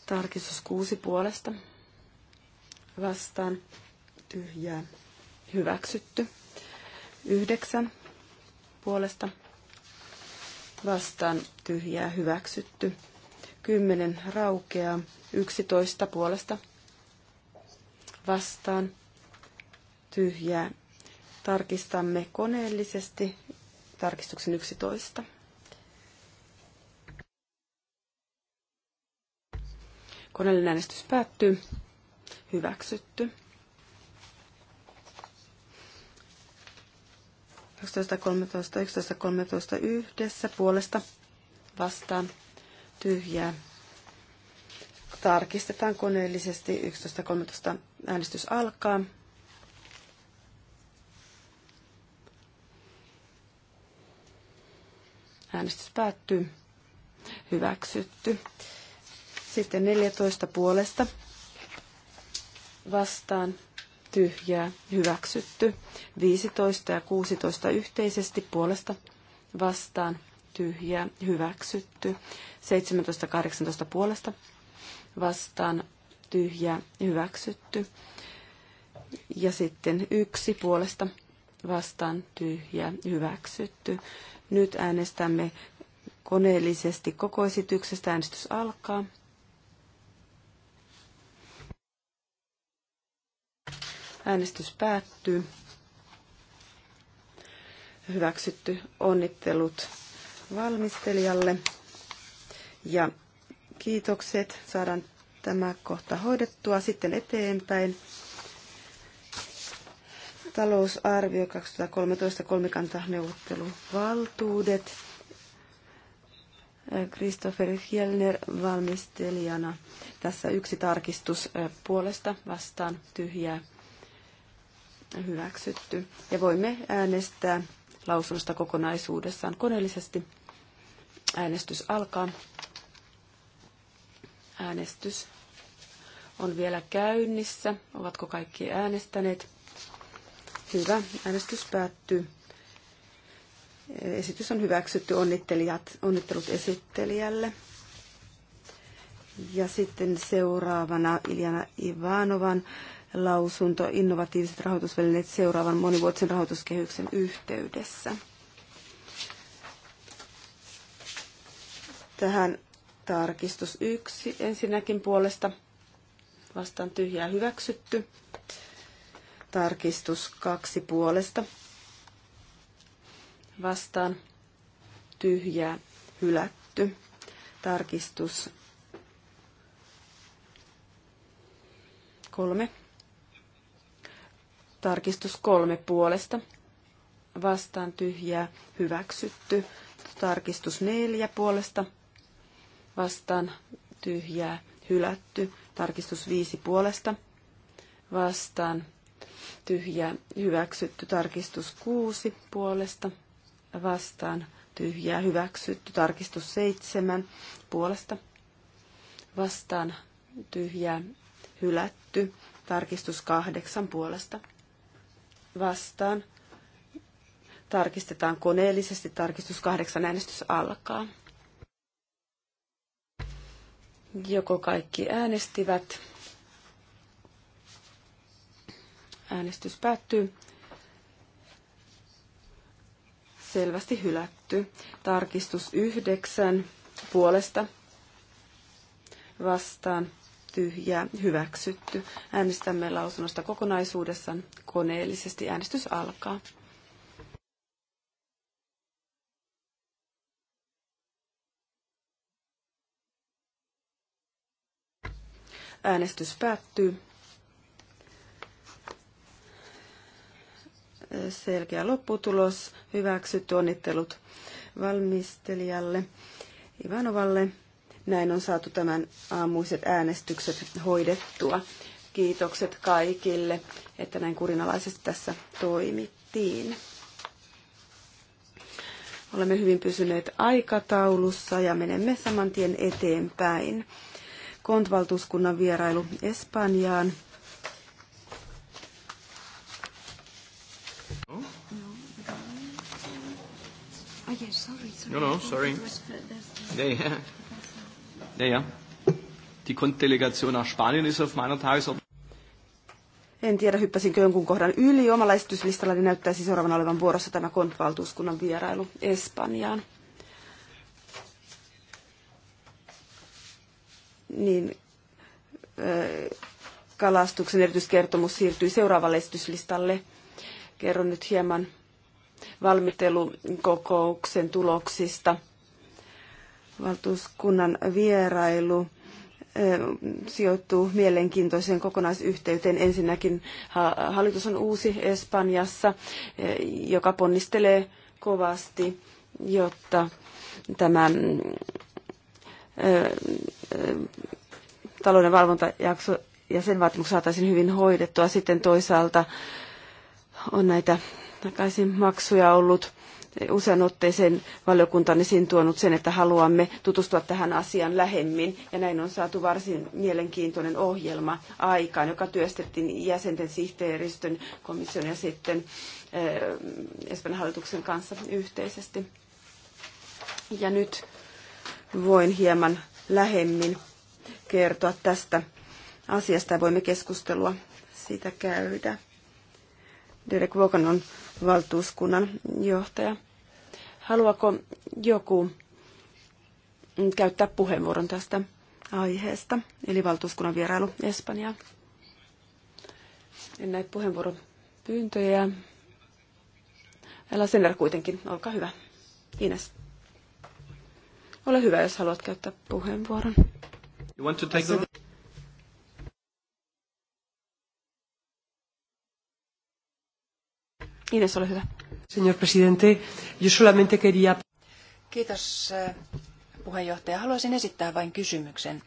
[SPEAKER 4] Tarkistus 6 puolesta vastaan tyhjää hyväksytty. 9 puolesta vastaan tyhjää hyväksytty. 10 raukeaa 11 puolesta vastaan tyhjää. Tarkistamme koneellisesti tarkistuksen 11. Koneellinen äänestys päättyy. Hyväksytty. 11.13. 11.13 yhdessä puolesta vastaan tyhjää. Tarkistetaan koneellisesti 11.13. äänestys alkaa. Äänestys päättyy. Hyväksytty. Sitten 14 puolesta vastaan tyhjää, hyväksytty. 15 ja 16 yhteisesti puolesta vastaan, tyhjää hyväksytty. 17.18 puolesta vastaan tyhjää hyväksytty. Ja sitten yksi puolesta vastaan tyhjää hyväksytty. Nyt äänestämme koneellisesti koko esityksestä. Äänestys alkaa. Äänestys päättyy. Hyväksytty. Onnittelut valmistelijalle. Ja kiitokset, saadaan tämä kohta hoidettua. Sitten eteenpäin talousarvio 2013 valtuudet Christopher Hielner valmistelijana. Tässä yksi tarkistus puolesta vastaan tyhjää hyväksytty. Ja voimme äänestää lausunnosta kokonaisuudessaan koneellisesti. Äänestys alkaa. Äänestys on vielä käynnissä. Ovatko kaikki äänestäneet? Hyvä. Äänestys päättyy. Esitys on hyväksytty. Onnittelijat, onnittelut esittelijälle. Ja sitten seuraavana Iljana Ivanovan lausunto innovatiiviset rahoitusvälineet seuraavan monivuotisen rahoituskehyksen yhteydessä. Tähän tarkistus yksi ensinnäkin puolesta vastaan tyhjää hyväksytty. Tarkistus kaksi puolesta vastaan tyhjää hylätty. Tarkistus kolme Tarkistus kolme puolesta. Vastaan tyhjää. Hyväksytty. Tarkistus neljä puolesta. Vastaan tyhjää. Hylätty. Tarkistus viisi puolesta. Vastaan tyhjää. Hyväksytty. Tarkistus kuusi puolesta. Vastaan tyhjää. Hyväksytty. Tarkistus seitsemän puolesta. Vastaan tyhjää. Hylätty. Tarkistus kahdeksan puolesta vastaan. Tarkistetaan koneellisesti. Tarkistus kahdeksan Äänestys alkaa. Joko kaikki äänestivät? Äänestys päättyy. Selvästi hylätty. Tarkistus yhdeksän Puolesta vastaan ja hyväksytty. Äänestämme lausunnosta kokonaisuudessaan koneellisesti. Äänestys alkaa. Äänestys päättyy. Selkeä lopputulos. Hyväksytty onnittelut valmistelijalle Ivanovalle. Näin on saatu tämän aamuiset äänestykset hoidettua. Kiitokset kaikille, että näin kurinalaisesti tässä toimittiin. Olemme hyvin pysyneet aikataulussa ja menemme saman tien eteenpäin. Kontvaltuuskunnan vierailu Espanjaan.
[SPEAKER 1] No? Oh, sorry, sorry. No, no, sorry.
[SPEAKER 2] Yeah, yeah. Naja, die Kondelegation nach Spanien ist auf meiner Tagesordnung.
[SPEAKER 4] En tiedä, hyppäsinkö jonkun kohdan yli. Omalla esityslistallani näyttäisi seuraavana olevan vuorossa tämä kontvaltuuskunnan vierailu Espanjaan. Niin, kalastuksen erityiskertomus siirtyi seuraavalle esityslistalle. Kerron nyt hieman valmittelukokouksen tuloksista valtuuskunnan vierailu sijoittuu mielenkiintoiseen kokonaisyhteyteen. Ensinnäkin hallitus on uusi Espanjassa, joka ponnistelee kovasti, jotta tämä mm, talouden valvontajakso ja sen vaatimukset saataisiin hyvin hoidettua. Sitten toisaalta on näitä takaisin maksuja ollut usean otteeseen valiokunta on esiin tuonut sen, että haluamme tutustua tähän asiaan lähemmin. Ja näin on saatu varsin mielenkiintoinen ohjelma aikaan, joka työstettiin jäsenten sihteeristön, komission ja sitten eh, Espanjan hallituksen kanssa yhteisesti. Ja nyt voin hieman lähemmin kertoa tästä asiasta ja voimme keskustelua siitä käydä. Derek Vogan on valtuuskunnan johtaja. Haluaako joku käyttää puheenvuoron tästä aiheesta, eli valtuuskunnan vierailu Espanjaa? En näe puheenvuoropyyntöjä. Älä Senner kuitenkin, olkaa hyvä. Ines. Ole hyvä, jos haluat käyttää puheenvuoron.
[SPEAKER 2] You want to take the...
[SPEAKER 4] Ines, ole hyvä.
[SPEAKER 1] Señor presidente, yo solamente quería... Kiitos eh, puheenjohtaja. Haluaisin esittää vain kysymyksen.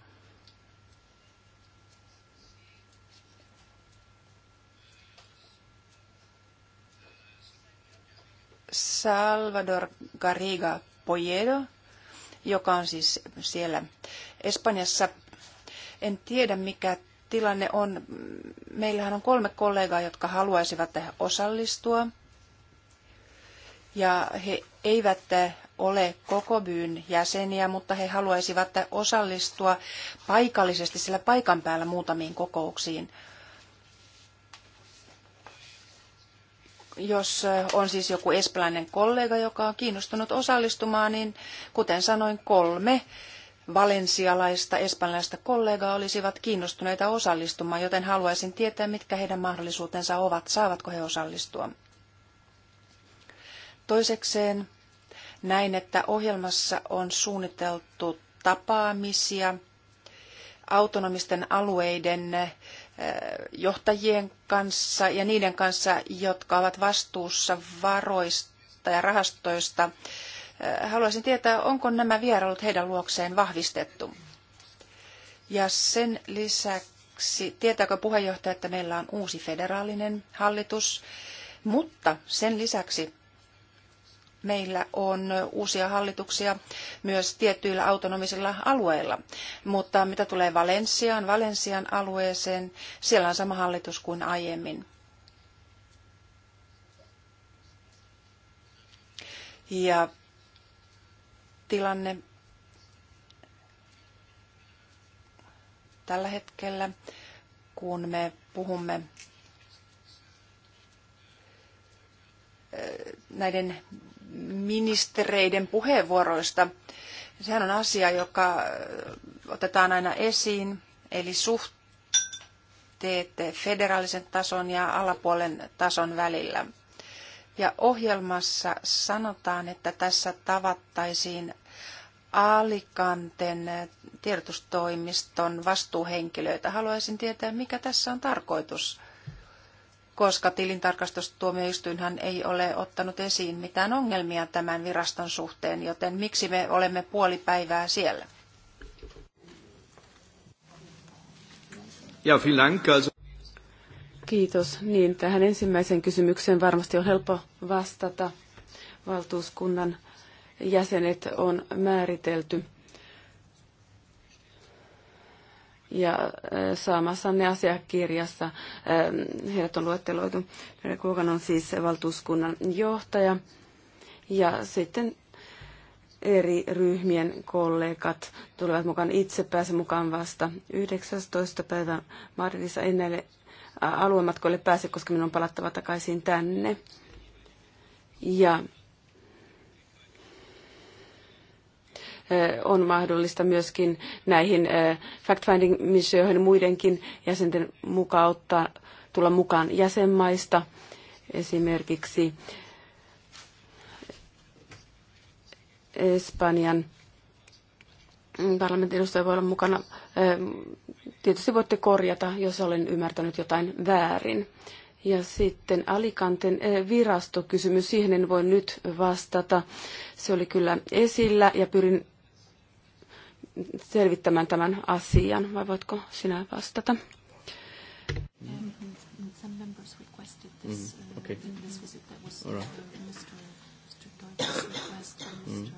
[SPEAKER 1] Salvador Garriga Poyedo, joka on siis siellä Espanjassa. En tiedä, mikä tilanne on. Meillähän on kolme kollegaa, jotka haluaisivat osallistua – ja he eivät eh, ole koko byyn jäseniä, mutta he haluaisivat eh, osallistua paikallisesti sillä paikan päällä muutamiin kokouksiin. Jos eh, on siis joku espanjalainen kollega, joka on kiinnostunut osallistumaan, niin kuten sanoin, kolme valensialaista espanjalaista kollegaa olisivat kiinnostuneita osallistumaan, joten haluaisin tietää, mitkä heidän mahdollisuutensa ovat, saavatko he osallistua. Toisekseen näin, että ohjelmassa on suunniteltu tapaamisia autonomisten alueiden eh, johtajien kanssa ja niiden kanssa, jotka ovat vastuussa varoista ja rahastoista. Eh, haluaisin tietää, onko nämä vierailut heidän luokseen vahvistettu. Ja sen lisäksi, tietääkö puheenjohtaja, että meillä on uusi federaalinen hallitus, mutta sen lisäksi meillä on uusia hallituksia myös tiettyillä autonomisilla alueilla. Mutta mitä tulee Valensiaan, Valensian alueeseen, siellä on sama hallitus kuin aiemmin. Ja tilanne tällä hetkellä, kun me puhumme eh, näiden ministereiden puheenvuoroista. Sehän on asia, joka otetaan aina esiin, eli suhteet federaalisen tason ja alapuolen tason välillä. Ja ohjelmassa sanotaan, että tässä tavattaisiin Alikanten tiedotustoimiston vastuuhenkilöitä. Haluaisin tietää, mikä tässä on tarkoitus koska tilintarkastustuomioistuinhan ei ole ottanut esiin mitään ongelmia tämän viraston suhteen, joten miksi me olemme puoli päivää siellä?
[SPEAKER 2] Ja,
[SPEAKER 4] Kiitos. Niin, tähän ensimmäiseen kysymykseen varmasti on helppo vastata. Valtuuskunnan jäsenet on määritelty ja äh, saamassa ne asiakirjassa äh, heidät on luetteloitu. Kuokan on siis valtuuskunnan johtaja ja sitten eri ryhmien kollegat tulevat mukaan. Itse pääse mukaan vasta 19. päivä Madridissa. En näille aluematkoille pääse, koska minun on palattava takaisin tänne. Ja Eh, on mahdollista myöskin näihin eh, fact-finding-missioihin muidenkin jäsenten mukaan ottaa, tulla mukaan jäsenmaista esimerkiksi Espanjan parlamentin edustaja voi olla mukana. Eh, tietysti voitte korjata, jos olen ymmärtänyt jotain väärin. Ja sitten Alikanten virastokysymys, siihen en voi nyt vastata. Se oli kyllä esillä ja pyrin selvittämään tämän asian, vai voitko sinä vastata? Mm-hmm.
[SPEAKER 3] Uh, mm-hmm.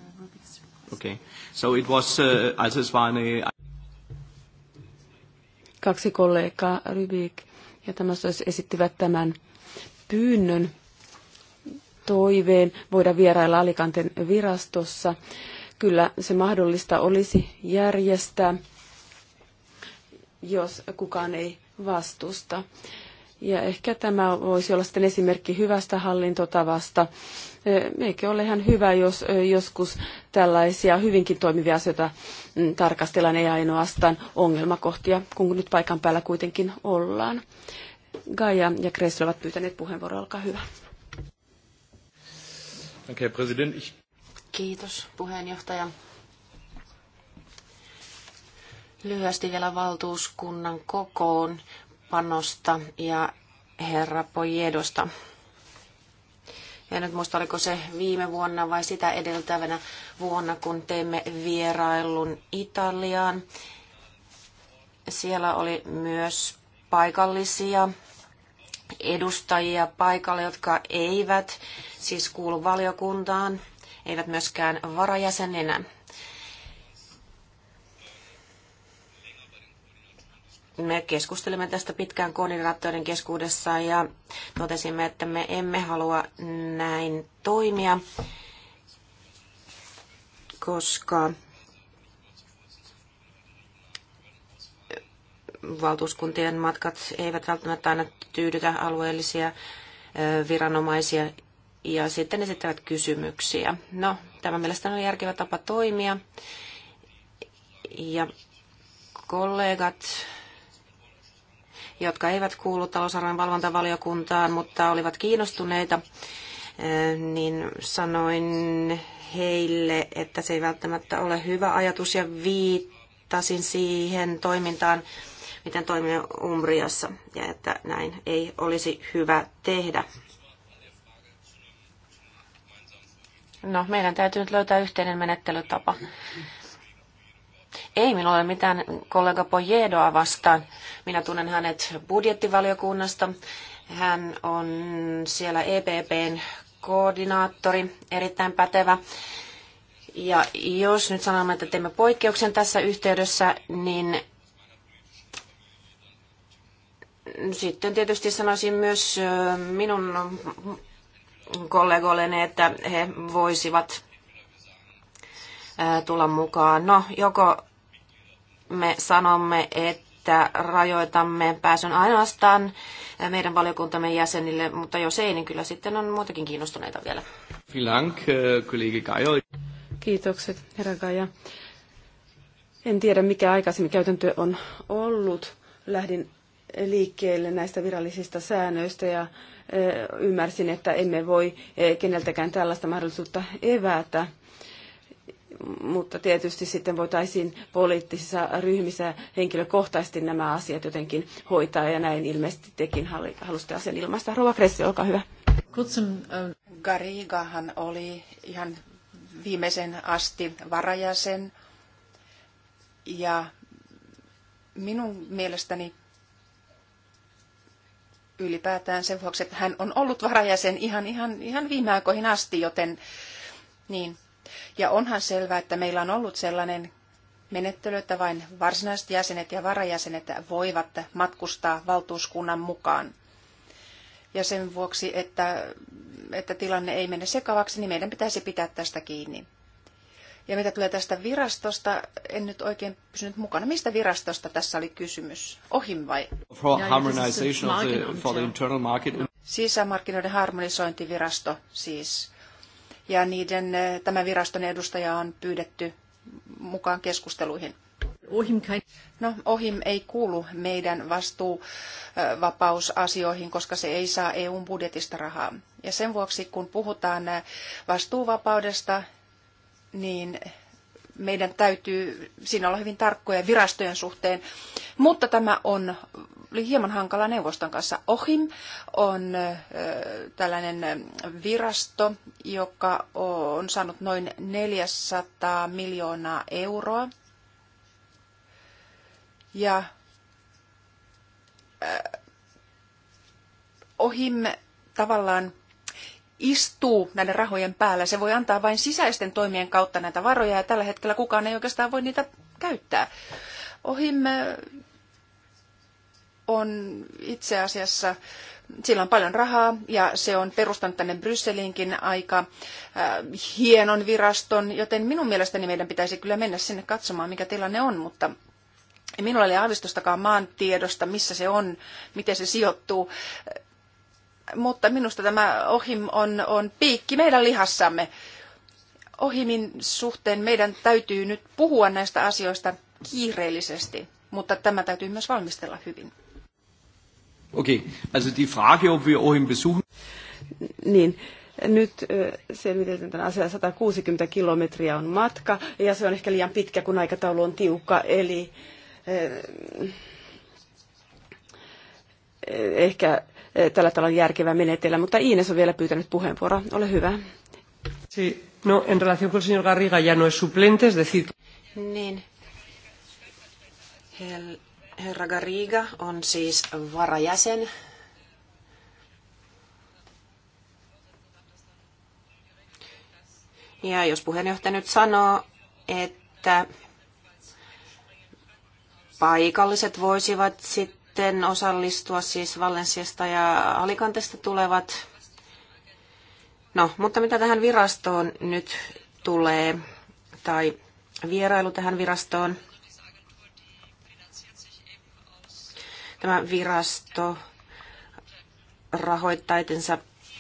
[SPEAKER 2] Okay. So it was uh, uh,
[SPEAKER 4] Kaksi kollegaa, Rybik ja tämä siis esittivät tämän pyynnön toiveen voida vierailla Alikanten virastossa kyllä se mahdollista olisi järjestää, jos kukaan ei vastusta. Ja ehkä tämä voisi olla sitten esimerkki hyvästä hallintotavasta. E, Eikö ole ihan hyvä, jos e, joskus tällaisia hyvinkin toimivia asioita mm, tarkastellaan, ei ainoastaan ongelmakohtia, kun nyt paikan päällä kuitenkin ollaan. Gaia ja Kressel ovat pyytäneet puheenvuoroa, olkaa hyvä.
[SPEAKER 2] Okay, Präsident, ich
[SPEAKER 4] Kiitos puheenjohtaja.
[SPEAKER 3] Lyhyesti vielä valtuuskunnan kokoon panosta ja herra Pojedosta. En nyt muista, oliko se viime vuonna vai sitä edeltävänä vuonna, kun teimme vierailun Italiaan. Siellä oli myös paikallisia edustajia paikalle, jotka eivät siis kuulu valiokuntaan eivät myöskään varajäseninä. me keskustelimme tästä pitkään koordinaattoreiden keskuudessa ja totesimme, että me emme halua näin toimia, koska valtuuskuntien matkat eivät välttämättä aina tyydytä alueellisia viranomaisia ja sitten esittävät kysymyksiä. No, tämä mielestäni on järkevä tapa toimia. Ja kollegat, jotka eivät kuulu talousarvojen valvontavaliokuntaan, mutta olivat kiinnostuneita, eh, niin sanoin heille, että se ei välttämättä ole hyvä ajatus ja viittasin siihen toimintaan, miten toimii Umbriassa ja että näin ei olisi hyvä tehdä. No, meidän täytyy nyt löytää yhteinen menettelytapa. Ei minulla ole mitään kollega Pojedoa vastaan. Minä tunnen hänet budjettivaliokunnasta. Hän on siellä EPPn koordinaattori, erittäin pätevä. Ja jos nyt sanomme, että teemme poikkeuksen tässä yhteydessä, niin sitten tietysti sanoisin myös minun kollegoilleni, että he voisivat tulla mukaan. No, joko me sanomme, että rajoitamme pääsyn ainoastaan meidän valiokuntamme jäsenille, mutta jos ei, niin kyllä sitten on muutakin kiinnostuneita
[SPEAKER 4] vielä.
[SPEAKER 2] Äh,
[SPEAKER 4] Kiitokset, herra Gaia. En tiedä, mikä aikaisemmin käytäntö on ollut. Lähdin liikkeelle näistä virallisista säännöistä ja ymmärsin, että emme voi keneltäkään tällaista mahdollisuutta evätä mutta tietysti sitten voitaisiin poliittisissa ryhmissä henkilökohtaisesti nämä asiat jotenkin hoitaa, ja näin ilmeisesti tekin halusitte asian ilmaista. Rova Kressi, olkaa hyvä.
[SPEAKER 1] Kutsun Garigahan oli ihan viimeisen asti varajäsen, ja minun mielestäni ylipäätään sen vuoksi, että hän on ollut varajäsen ihan, ihan, ihan viime aikoihin asti, joten niin. Ja onhan selvää, että meillä on ollut sellainen menettely, että vain varsinaiset jäsenet ja varajäsenet voivat matkustaa valtuuskunnan mukaan. Ja sen vuoksi, että, että tilanne ei mene sekavaksi, niin meidän pitäisi pitää tästä kiinni. Ja mitä tulee tästä virastosta, en nyt oikein pysynyt mukana. Mistä virastosta tässä oli kysymys? Ohim vai? Sisämarkkinoiden harmonisointivirasto siis. Ja niiden, eh, tämän viraston edustaja on pyydetty mukaan keskusteluihin. No, Ohim ei kuulu meidän vastuuvapausasioihin, eh, koska se ei saa EUn budjetista rahaa. Ja sen vuoksi, kun puhutaan eh, vastuuvapaudesta, niin meidän täytyy siinä olla hyvin tarkkoja virastojen suhteen, mutta tämä on oli hieman hankala neuvoston kanssa. OHIM on tällainen virasto, joka on saanut noin 400 miljoonaa euroa. Ja OHIM tavallaan istuu näiden rahojen päällä. Se voi antaa vain sisäisten toimien kautta näitä varoja ja tällä hetkellä kukaan ei oikeastaan voi niitä käyttää. Ohimme on itse asiassa, sillä on paljon rahaa ja se on perustanut tänne Brysseliinkin aika äh, hienon viraston, joten minun mielestäni meidän pitäisi kyllä mennä sinne katsomaan, mikä tilanne on, mutta minulla ei ole aavistustakaan maan tiedosta, missä se on, miten se sijoittuu mutta minusta tämä Ohim on, on piikki meidän lihassamme. Ohimin suhteen meidän täytyy nyt puhua näistä asioista kiireellisesti, mutta tämä täytyy myös valmistella hyvin.
[SPEAKER 2] Okei, okay. also die Frage, ob wir Ohim besuchen...
[SPEAKER 4] Niin, nyt selvitetään tämän asian 160 kilometriä on matka, ja se on ehkä liian pitkä, kun aikataulu on tiukka, eli ehkä Eh, tällä tavalla järkevä menetellä, mutta Ines on vielä pyytänyt puheenvuoroa. Ole hyvä.
[SPEAKER 1] Sí, no, en relación con el señor Garriga ya no es suplente, es decir...
[SPEAKER 3] Niin. Herra Garriga on siis varajäsen. Ja jos puheenjohtaja nyt sanoo, että paikalliset voisivat sitten sitten osallistua, siis Valensiasta ja Alicantesta tulevat. No, mutta mitä tähän virastoon nyt tulee, tai vierailu tähän virastoon? Tämä virasto rahoittaa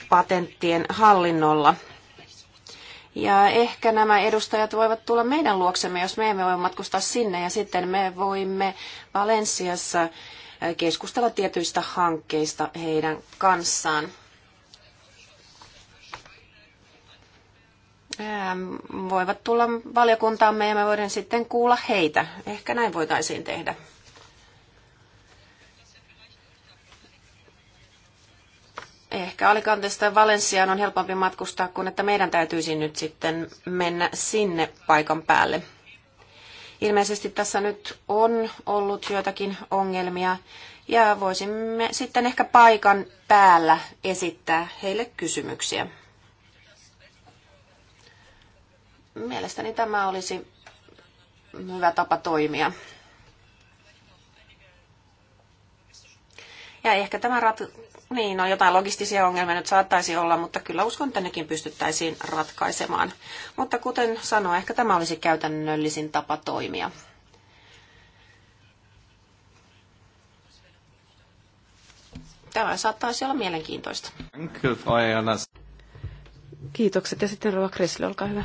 [SPEAKER 3] patenttien hallinnolla. Ja ehkä nämä edustajat voivat tulla meidän luoksemme, jos me emme voi matkustaa sinne. Ja sitten me voimme Valensiassa keskustella tietyistä hankkeista heidän kanssaan. Ähm, voivat tulla valiokuntaamme ja me voidaan sitten kuulla heitä. Ehkä näin voitaisiin tehdä. Ehkä Alicantesta Valenssiaan on helpompi matkustaa kuin että meidän täytyisi nyt sitten mennä sinne paikan päälle. Ilmeisesti tässä nyt on ollut joitakin ongelmia ja voisimme sitten ehkä paikan päällä esittää heille kysymyksiä. Mielestäni tämä olisi hyvä tapa toimia. Ja ehkä tämä rat- niin, no jotain logistisia ongelmia nyt saattaisi olla, mutta kyllä uskon, että nekin pystyttäisiin ratkaisemaan. Mutta kuten sanoin, ehkä tämä olisi käytännöllisin tapa toimia. Tämä saattaisi olla mielenkiintoista.
[SPEAKER 4] Kiitokset ja sitten Rova Kressli, olkaa hyvä.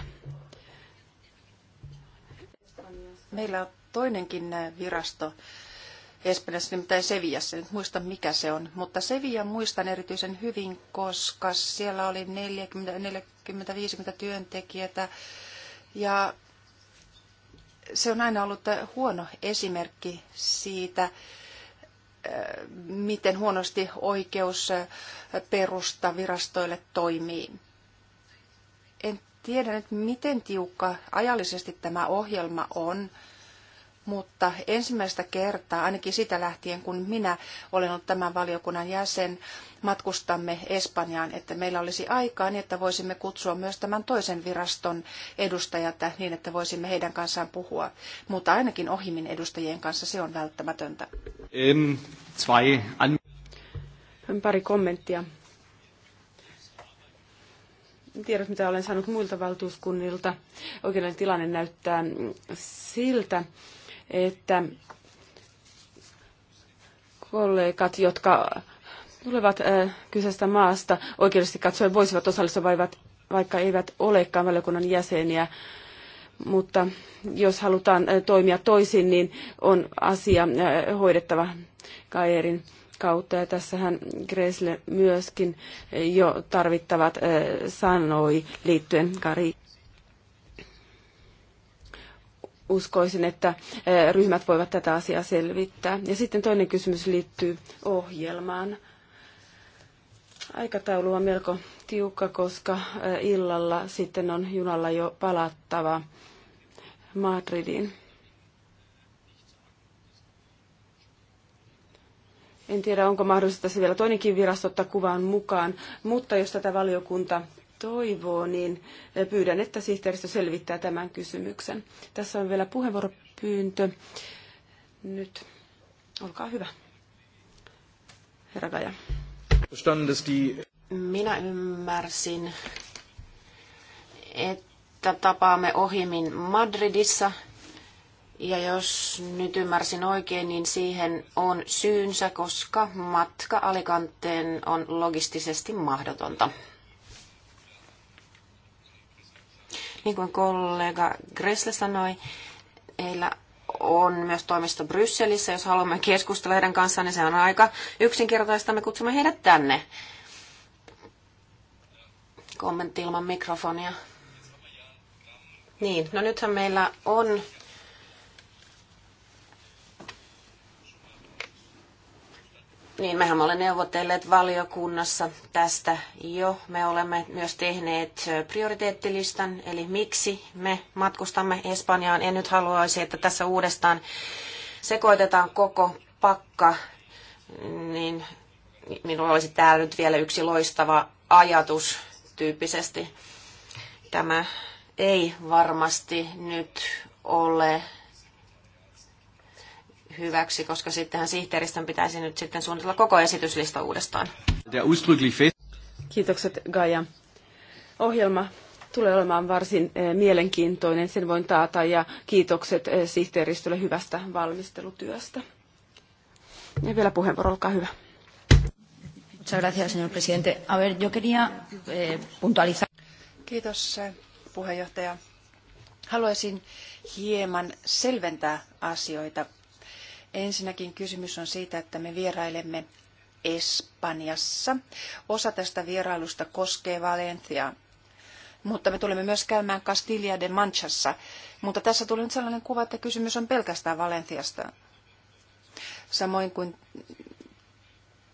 [SPEAKER 1] Meillä on toinenkin virasto, Espanjassa, nimittäin Sevillassa. Nyt muista, mikä se on. Mutta sevija muistan erityisen hyvin, koska siellä oli 40-50 työntekijää. Ja se on aina ollut huono esimerkki siitä, äh, miten huonosti oikeus äh, perusta virastoille toimii. En tiedä nyt, miten tiukka ajallisesti tämä ohjelma on mutta ensimmäistä kertaa, ainakin sitä lähtien, kun minä olen ollut tämän valiokunnan jäsen, matkustamme Espanjaan, että meillä olisi aikaa niin, että voisimme kutsua myös tämän toisen viraston edustajat niin, että voisimme heidän kanssaan puhua. Mutta ainakin ohimin edustajien kanssa se on välttämätöntä.
[SPEAKER 2] Ähm, zwei an...
[SPEAKER 4] Pari kommenttia. Tiedot, mitä olen saanut muilta valtuuskunnilta, oikeudellinen tilanne näyttää siltä, että kollegat, jotka tulevat äh, kyseistä maasta oikeudellisesti katsoen voisivat osallistua, vaikka eivät olekaan valiokunnan jäseniä, mutta jos halutaan äh, toimia toisin, niin on asia äh, hoidettava Kaerin kautta. Ja tässähän Gresle myöskin jo tarvittavat sanoi liittyen Kari uskoisin, että eh, ryhmät voivat tätä asiaa selvittää. Ja sitten toinen kysymys liittyy ohjelmaan. Aikataulu on melko tiukka, koska eh, illalla sitten on junalla jo palattava Madridiin. En tiedä, onko mahdollista se vielä toinenkin virasto ottaa kuvaan mukaan, mutta jos tätä valiokunta toivoo, niin eh, pyydän, että sihteeristö selvittää tämän kysymyksen. Tässä on vielä puheenvuoropyyntö. Nyt, olkaa hyvä. Herra Kaja. Minä ymmärsin,
[SPEAKER 3] että tapaamme ohimin Madridissa. Ja jos nyt ymmärsin oikein, niin siihen on syynsä, koska matka Alicanteen on logistisesti mahdotonta. Niin kuin kollega Gressle sanoi, heillä on myös toimisto Brysselissä. Jos haluamme keskustella heidän kanssaan, niin se on aika yksinkertaista. Me kutsumme heidät tänne. Kommentti ilman mikrofonia. Niin, no nythän meillä on Niin, mehän olemme neuvotelleet valiokunnassa tästä jo. Me olemme myös tehneet prioriteettilistan, eli miksi me matkustamme Espanjaan. En nyt haluaisi, että tässä uudestaan sekoitetaan koko pakka, niin minulla olisi täällä nyt vielä yksi loistava ajatus tyyppisesti. Tämä ei varmasti nyt ole hyväksi, koska sittenhän sihteeristön pitäisi nyt sitten suunnitella koko
[SPEAKER 4] esityslista uudestaan. Kiitokset Gaia. Ohjelma tulee olemaan varsin eh, mielenkiintoinen, sen voin taata, ja kiitokset eh, sihteeristölle hyvästä valmistelutyöstä. Ja vielä puheenvuoro, olkaa hyvä. Eh,
[SPEAKER 1] Kiitos, puheenjohtaja. Haluaisin hieman selventää asioita. Ensinnäkin kysymys on siitä, että me vierailemme Espanjassa. Osa tästä vierailusta koskee Valenciaa. Mutta me tulemme myös käymään Castilla de Manchassa. Mutta tässä tuli nyt sellainen kuva, että kysymys on pelkästään Valenciasta. Samoin kuin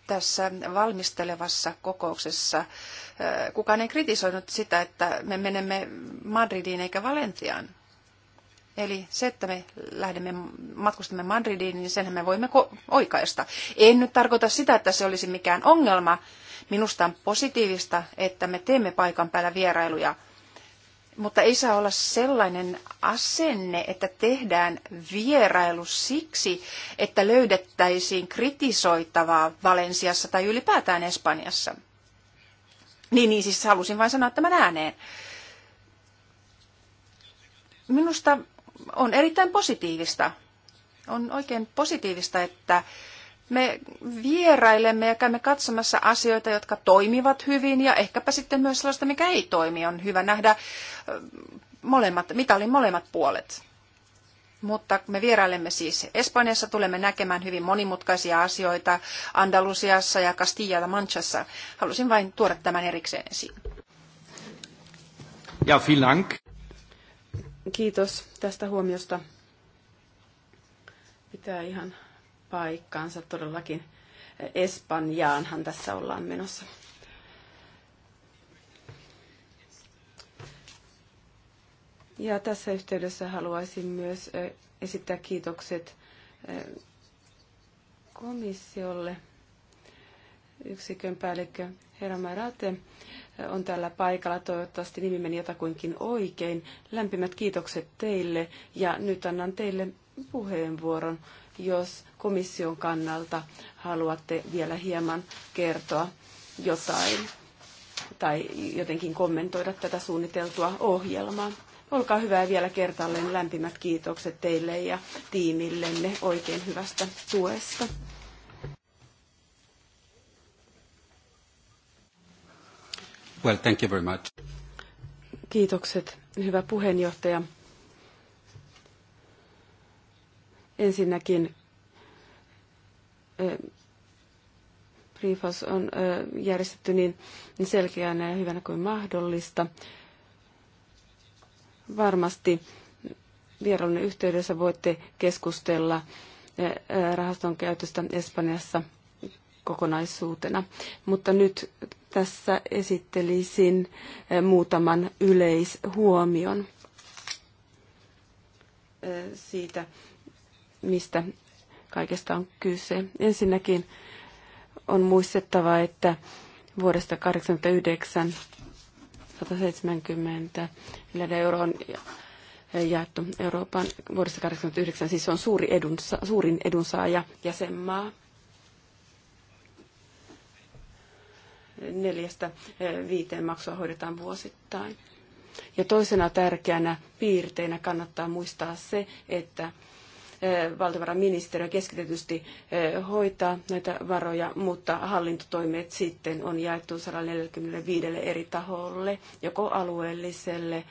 [SPEAKER 1] tässä valmistelevassa kokouksessa äh, kukaan ei kritisoinut sitä, että me menemme Madridiin eikä Valentiaan. Eli se, että me lähdemme matkustamme Madridiin, niin senhän me voimme oikaista. En nyt tarkoita sitä, että se olisi mikään ongelma. Minusta on positiivista, että me teemme paikan päällä vierailuja. Mutta ei saa olla sellainen asenne, että tehdään vierailu siksi, että löydettäisiin kritisoitavaa Valensiassa tai ylipäätään Espanjassa. Niin, niin siis halusin vain sanoa tämän ääneen. Minusta on erittäin positiivista. On oikein positiivista, että me vierailemme ja käymme katsomassa asioita, jotka toimivat hyvin ja ehkäpä sitten myös sellaista, mikä ei toimi. On hyvä nähdä molemmat, mitä oli molemmat puolet. Mutta me vierailemme siis Espanjassa, tulemme näkemään hyvin monimutkaisia asioita Andalusiassa ja Castilla ja Manchassa. Halusin vain tuoda tämän erikseen esiin.
[SPEAKER 2] Ja, vielen Dank.
[SPEAKER 4] Kiitos tästä huomiosta. Pitää ihan paikkaansa todellakin. Espanjaanhan tässä ollaan menossa. Ja tässä yhteydessä haluaisin myös esittää kiitokset komissiolle yksikön päällikkö Herra Marate on täällä paikalla. Toivottavasti nimi meni jotakuinkin oikein. Lämpimät kiitokset teille ja nyt annan teille puheenvuoron, jos komission kannalta haluatte vielä hieman kertoa jotain tai jotenkin kommentoida tätä suunniteltua ohjelmaa. Olkaa hyvä ja vielä kertaalleen lämpimät kiitokset teille ja tiimillenne oikein hyvästä tuesta. Well, thank you very much. Kiitokset, hyvä puheenjohtaja. Ensinnäkin briefas on järjestetty niin selkeänä ja hyvänä kuin mahdollista. Varmasti vierailun yhteydessä voitte keskustella rahaston käytöstä Espanjassa – kokonaisuutena. Mutta nyt tässä esittelisin eh, muutaman yleishuomion eh, siitä, mistä kaikesta on kyse. Ensinnäkin on muistettava, että vuodesta 1989 170 miljardia euroa on jaettu Euroopan vuodesta 1989, siis on suuri edunsa, suurin edunsaaja jäsenmaa. neljästä eh, viiteen maksua hoidetaan vuosittain. Ja toisena tärkeänä piirteinä kannattaa muistaa se, että eh, valtiovarainministeriö keskitetysti eh, hoitaa näitä varoja, mutta hallintotoimet sitten on jaettu 145 eri taholle, joko alueelliselle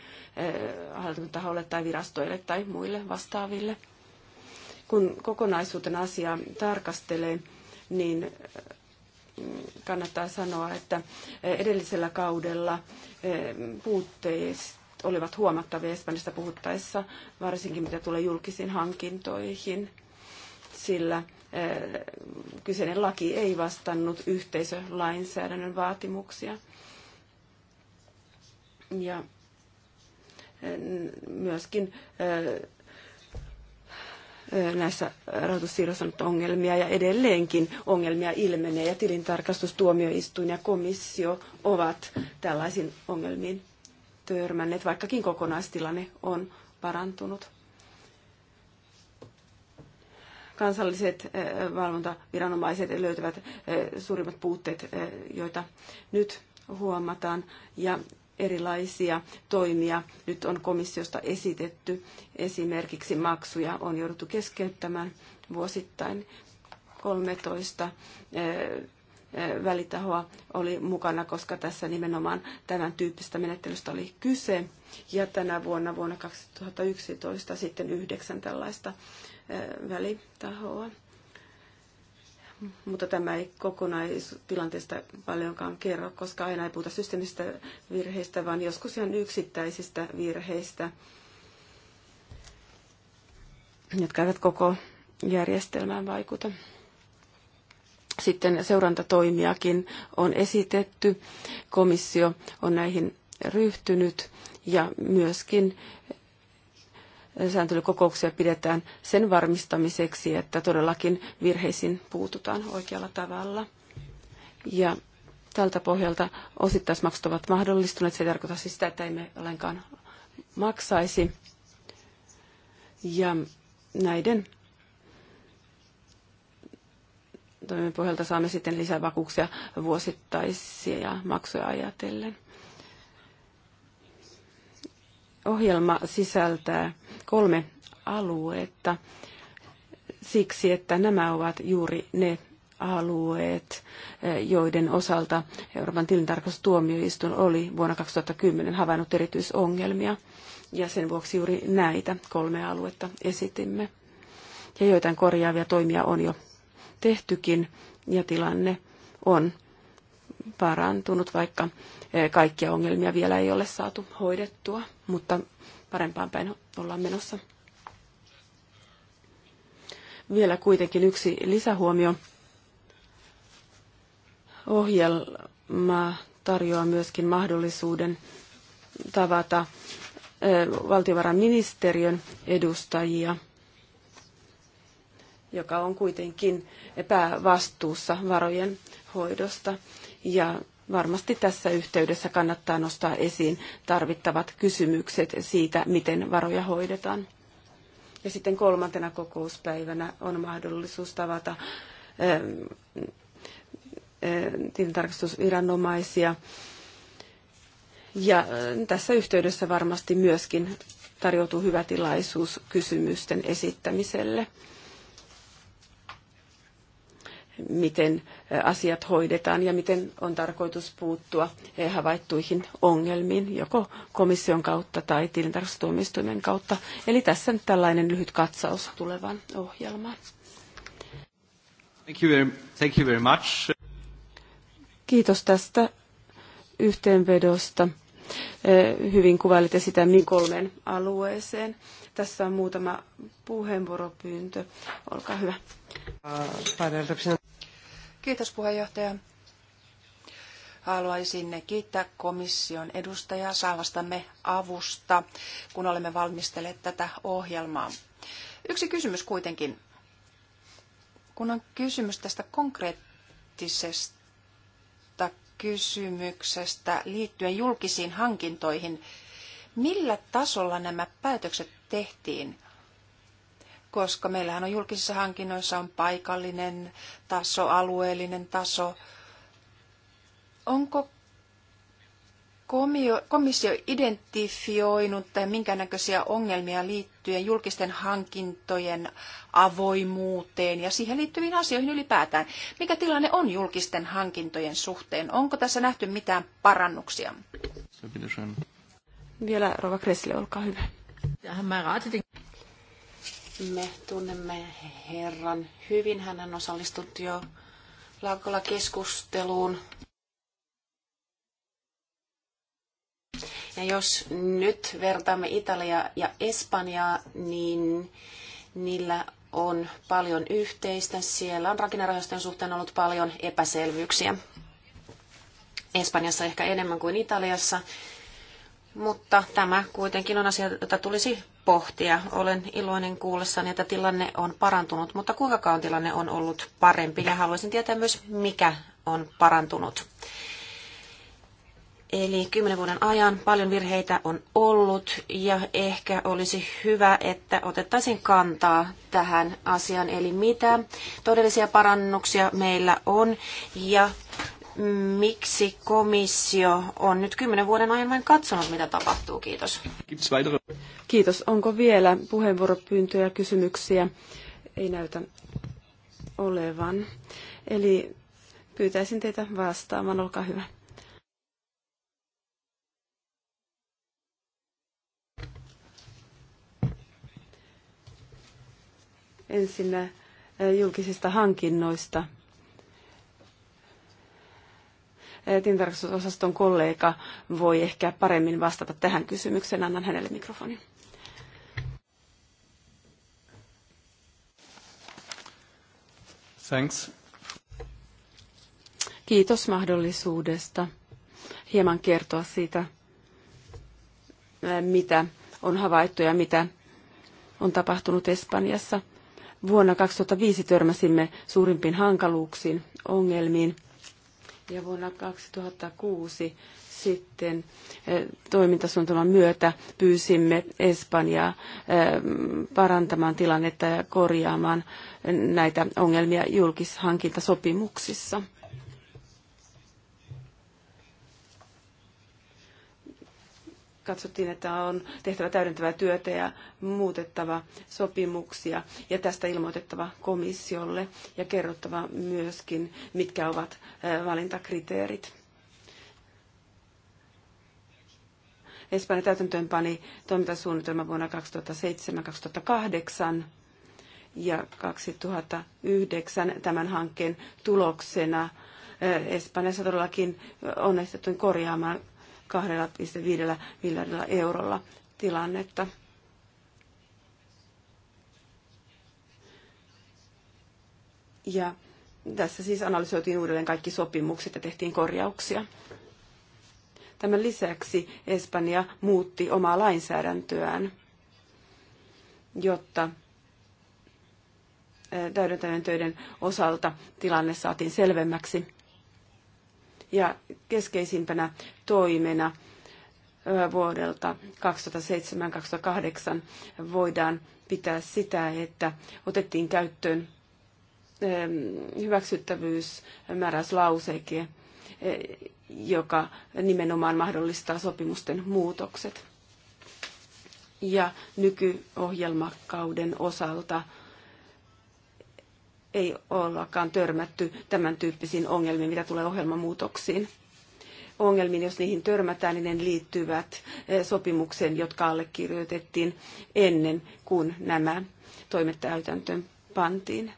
[SPEAKER 4] hallintotaholle tai virastoille tai muille vastaaville. Kun kokonaisuutena asiaa tarkastelee, niin kannattaa sanoa, että edellisellä kaudella eh, puutteista olivat huomattavia Espanjasta puhuttaessa, varsinkin mitä tulee julkisiin hankintoihin, sillä eh, kyseinen laki ei vastannut yhteisölainsäädännön vaatimuksia. Ja eh, myöskin näissä rahoitussiirroissa on ongelmia ja edelleenkin ongelmia ilmenee ja tilintarkastustuomioistuin ja komissio ovat tällaisiin ongelmiin törmänneet, vaikkakin kokonaistilanne on parantunut. Kansalliset valvontaviranomaiset löytävät suurimmat puutteet, joita nyt huomataan. Ja erilaisia toimia nyt on komissiosta esitetty. Esimerkiksi maksuja on jouduttu keskeyttämään vuosittain 13 eh, eh, välitahoa oli mukana, koska tässä nimenomaan tämän tyyppistä menettelystä oli kyse. Ja tänä vuonna, vuonna 2011, sitten yhdeksän tällaista eh, välitahoa mutta tämä ei kokonaistilanteesta paljonkaan kerro, koska aina ei puhuta systeemisistä virheistä, vaan joskus ihan yksittäisistä virheistä, jotka eivät koko järjestelmään vaikuta. Sitten seurantatoimiakin on esitetty, komissio on näihin ryhtynyt ja myöskin sääntelykokouksia pidetään sen varmistamiseksi, että todellakin virheisiin puututaan oikealla tavalla. Ja tältä pohjalta osittaismaksut ovat mahdollistuneet. Se ei tarkoita siis sitä, että emme ollenkaan maksaisi. Ja näiden toimien pohjalta saamme sitten lisää vakuuksia vuosittaisia ja maksuja ajatellen. Ohjelma sisältää kolme aluetta siksi, että nämä ovat juuri ne alueet, eh, joiden osalta Euroopan tilintarkastustuomioistuin oli vuonna 2010 havainnut erityisongelmia. Ja sen vuoksi juuri näitä kolme aluetta esitimme. Ja joitain korjaavia toimia on jo tehtykin ja tilanne on parantunut, vaikka eh, kaikkia ongelmia vielä ei ole saatu hoidettua, mutta parempaan päin ollaan menossa. Vielä kuitenkin yksi lisähuomio. Ohjelma tarjoaa myöskin mahdollisuuden tavata valtiovarainministeriön edustajia, joka on kuitenkin päävastuussa varojen hoidosta. Ja varmasti tässä yhteydessä kannattaa nostaa esiin tarvittavat kysymykset siitä, miten varoja hoidetaan. Ja sitten kolmantena kokouspäivänä on mahdollisuus tavata ähm, ähm, tilintarkastusviranomaisia. Ja äh, tässä yhteydessä varmasti myöskin tarjoutuu hyvä tilaisuus kysymysten esittämiselle miten asiat hoidetaan ja miten on tarkoitus puuttua havaittuihin ongelmiin, joko komission kautta tai tilintarkastustuomioistuimen kautta. Eli tässä nyt tällainen lyhyt katsaus tulevaan ohjelmaan.
[SPEAKER 2] Thank you very, thank you very much.
[SPEAKER 4] Kiitos tästä yhteenvedosta. Hyvin kuvailitte sitä niin kolmen alueeseen. Tässä on muutama puheenvuoropyyntö. Olkaa hyvä. Kiitos puheenjohtaja.
[SPEAKER 1] Haluaisin kiittää komission edustajaa saavastamme avusta, kun olemme valmistelleet tätä ohjelmaa. Yksi kysymys kuitenkin. Kun on kysymys tästä konkreettisesta kysymyksestä liittyen julkisiin hankintoihin, millä tasolla nämä päätökset tehtiin? koska meillähän on julkisissa hankinnoissa on paikallinen taso, alueellinen taso. Onko komissio identifioinut tai näköisiä ongelmia liittyen julkisten hankintojen avoimuuteen ja siihen liittyviin asioihin ylipäätään? Mikä tilanne on julkisten hankintojen suhteen? Onko tässä nähty mitään parannuksia?
[SPEAKER 4] Vielä Rova Kressille, olkaa hyvä.
[SPEAKER 3] Me tunnemme Herran hyvin. Hän on osallistunut jo Laukolla keskusteluun. Ja jos nyt vertaamme Italiaa ja Espanjaa, niin niillä on paljon yhteistä. Siellä on rakennerahastojen suhteen ollut paljon epäselvyyksiä. Espanjassa ehkä enemmän kuin Italiassa, mutta tämä kuitenkin on asia, jota tulisi pohtia. Olen iloinen kuullessani, että tilanne on parantunut, mutta kuinka kauan tilanne on ollut parempi ja haluaisin tietää myös, mikä on parantunut. Eli kymmenen vuoden ajan paljon virheitä on ollut ja ehkä olisi hyvä, että otettaisiin kantaa tähän asiaan, eli mitä todellisia parannuksia meillä on ja miksi komissio on nyt kymmenen vuoden ajan vain katsonut, mitä tapahtuu. Kiitos.
[SPEAKER 4] Kiitos. Onko vielä puheenvuoropyyntöjä ja kysymyksiä? Ei näytä olevan. Eli pyytäisin teitä vastaamaan. Olkaa hyvä. Ensinnä eh, julkisista hankinnoista tintarkastusosaston kollega voi ehkä paremmin vastata tähän kysymykseen. Annan hänelle mikrofonin. Thanks. Kiitos mahdollisuudesta hieman kertoa siitä, mitä on havaittu ja mitä on tapahtunut Espanjassa. Vuonna 2005 törmäsimme suurimpiin hankaluuksiin, ongelmiin – ja vuonna 2006 sitten eh, toimintasuunnitelman myötä pyysimme Espanjaa eh, parantamaan tilannetta ja korjaamaan näitä ongelmia julkishankintasopimuksissa. katsottiin, että on tehtävä täydentävää työtä ja muutettava sopimuksia ja tästä ilmoitettava komissiolle ja kerrottava myöskin, mitkä ovat valintakriteerit. täytäntöön täytäntöönpani toimintasuunnitelma vuonna 2007-2008 ja 2009 tämän hankkeen tuloksena Espanjassa todellakin onnistuttiin korjaamaan 2,5 miljardilla eurolla tilannetta. Ja tässä siis analysoitiin uudelleen kaikki sopimukset ja tehtiin korjauksia. Tämän lisäksi Espanja muutti omaa lainsäädäntöään, jotta eh, täydentävien töiden osalta tilanne saatiin selvemmäksi ja keskeisimpänä toimena vuodelta 2007-2008 voidaan pitää sitä, että otettiin käyttöön hyväksyttävyysmääräyslauseke, joka nimenomaan mahdollistaa sopimusten muutokset. Ja nykyohjelmakauden osalta ei ollakaan törmätty tämän tyyppisiin ongelmiin, mitä tulee ohjelmamuutoksiin. Ongelmiin, jos niihin törmätään, niin ne liittyvät eh, sopimukseen, jotka allekirjoitettiin ennen kuin nämä toimet täytäntöön pantiin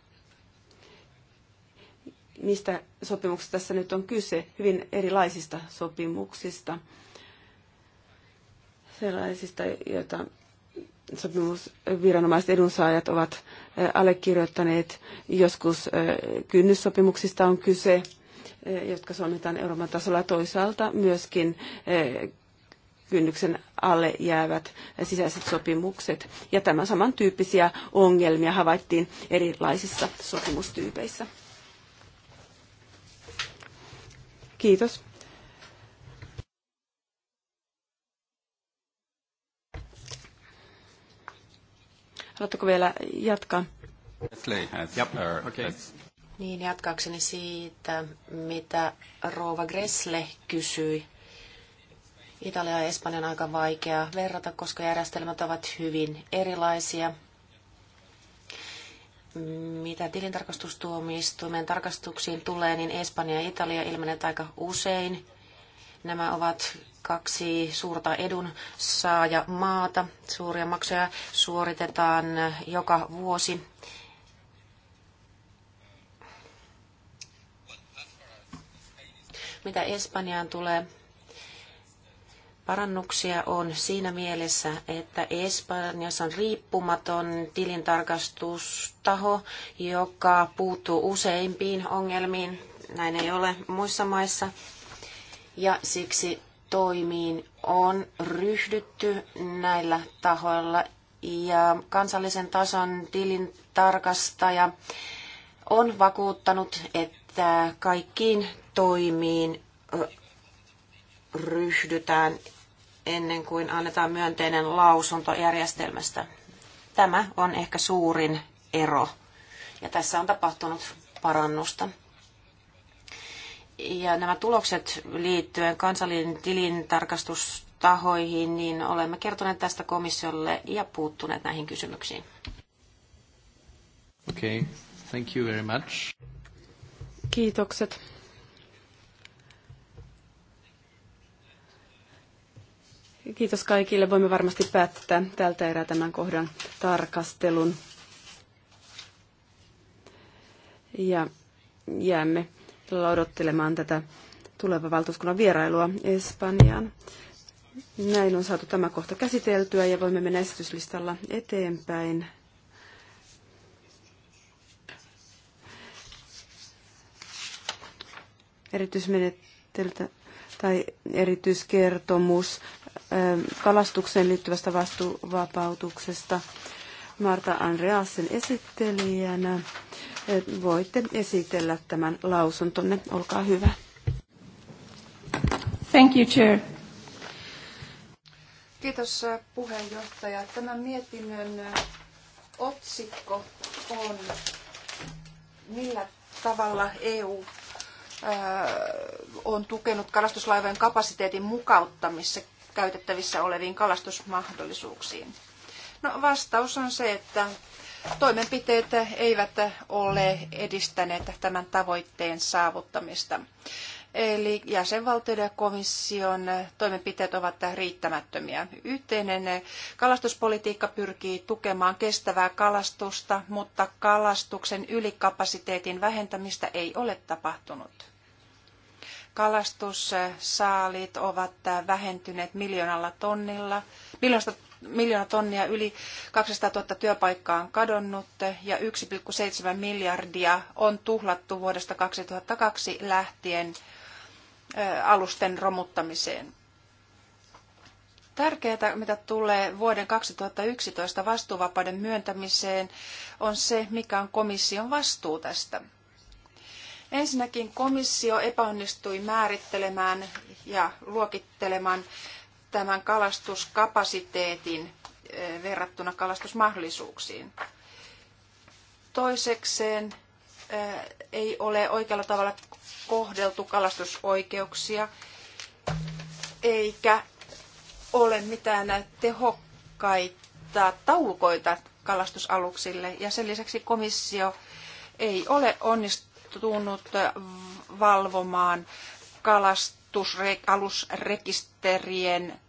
[SPEAKER 4] mistä sopimuksista tässä nyt on kyse, hyvin erilaisista sopimuksista, sellaisista, joita sopimusviranomaiset edunsaajat ovat allekirjoittaneet. Joskus kynnyssopimuksista on kyse, jotka solmitaan Euroopan tasolla toisaalta myöskin kynnyksen alle jäävät sisäiset sopimukset. Ja tämän samantyyppisiä ongelmia havaittiin erilaisissa sopimustyypeissä. Kiitos. Haluatteko vielä jatkaa?
[SPEAKER 2] Okay.
[SPEAKER 3] Niin, jatkaakseni siitä, mitä Rova Gressle kysyi. Italia ja Espanja on aika vaikea verrata, koska järjestelmät ovat hyvin erilaisia. Mitä tilintarkastustuomioistuimen tarkastuksiin tulee, niin Espanja ja Italia ilmenevät aika usein. Nämä ovat kaksi suurta edun saaja maata. Suuria maksuja suoritetaan joka vuosi. Mitä Espanjaan tulee, parannuksia on siinä mielessä, että Espanjassa on riippumaton tilintarkastustaho, joka puuttuu useimpiin ongelmiin. Näin ei ole muissa maissa ja siksi toimiin on ryhdytty näillä tahoilla ja kansallisen tason tilin tarkastaja on vakuuttanut, että kaikkiin toimiin ryhdytään ennen kuin annetaan myönteinen lausunto järjestelmästä. Tämä on ehkä suurin ero ja tässä on tapahtunut parannusta ja nämä tulokset liittyen kansallinen tilintarkastustahoihin, niin olemme kertoneet tästä komissiolle ja puuttuneet näihin kysymyksiin.
[SPEAKER 2] Okay, thank you very much.
[SPEAKER 4] Kiitokset. Kiitos kaikille. Voimme varmasti päättää tältä erää tämän kohdan tarkastelun. Ja jäämme mielenkiinnolla odottelemaan tätä tulevaa valtuuskunnan vierailua Espanjaan. Näin on saatu tämä kohta käsiteltyä ja voimme mennä esityslistalla eteenpäin. Erityismenettelytä tai erityiskertomus ähm, kalastukseen liittyvästä vastuuvapautuksesta Marta Andreasen esittelijänä. Eh, voitte esitellä tämän lausuntonne. Olkaa hyvä.
[SPEAKER 1] Thank you, Chair. Kiitos eh, puheenjohtaja. Tämän mietinnön eh, otsikko on millä tavalla EU on tukenut kalastuslaivojen kapasiteetin mukauttamissa käytettävissä oleviin kalastusmahdollisuuksiin. No, vastaus on se, että toimenpiteet eivät ole edistäneet tämän tavoitteen saavuttamista. Eli jäsenvaltioiden ja komission toimenpiteet ovat riittämättömiä. Yhteinen kalastuspolitiikka pyrkii tukemaan kestävää kalastusta, mutta kalastuksen ylikapasiteetin vähentämistä ei ole tapahtunut. Kalastussaalit ovat vähentyneet miljoonalla tonnilla, miljoonasta miljoona tonnia, yli 200 000 työpaikkaa on kadonnut ja 1,7 miljardia on tuhlattu vuodesta 2002 lähtien alusten romuttamiseen. Tärkeää, mitä tulee vuoden 2011 vastuuvapauden myöntämiseen, on se, mikä on komission vastuu tästä. Ensinnäkin komissio epäonnistui määrittelemään ja luokittelemaan tämän kalastuskapasiteetin eh, verrattuna kalastusmahdollisuuksiin. Toisekseen eh, ei ole oikealla tavalla kohdeltu kalastusoikeuksia, eikä ole mitään tehokkaita taulukoita kalastusaluksille. Ja sen lisäksi komissio ei ole onnistunut valvomaan kalastusta alusrekisterien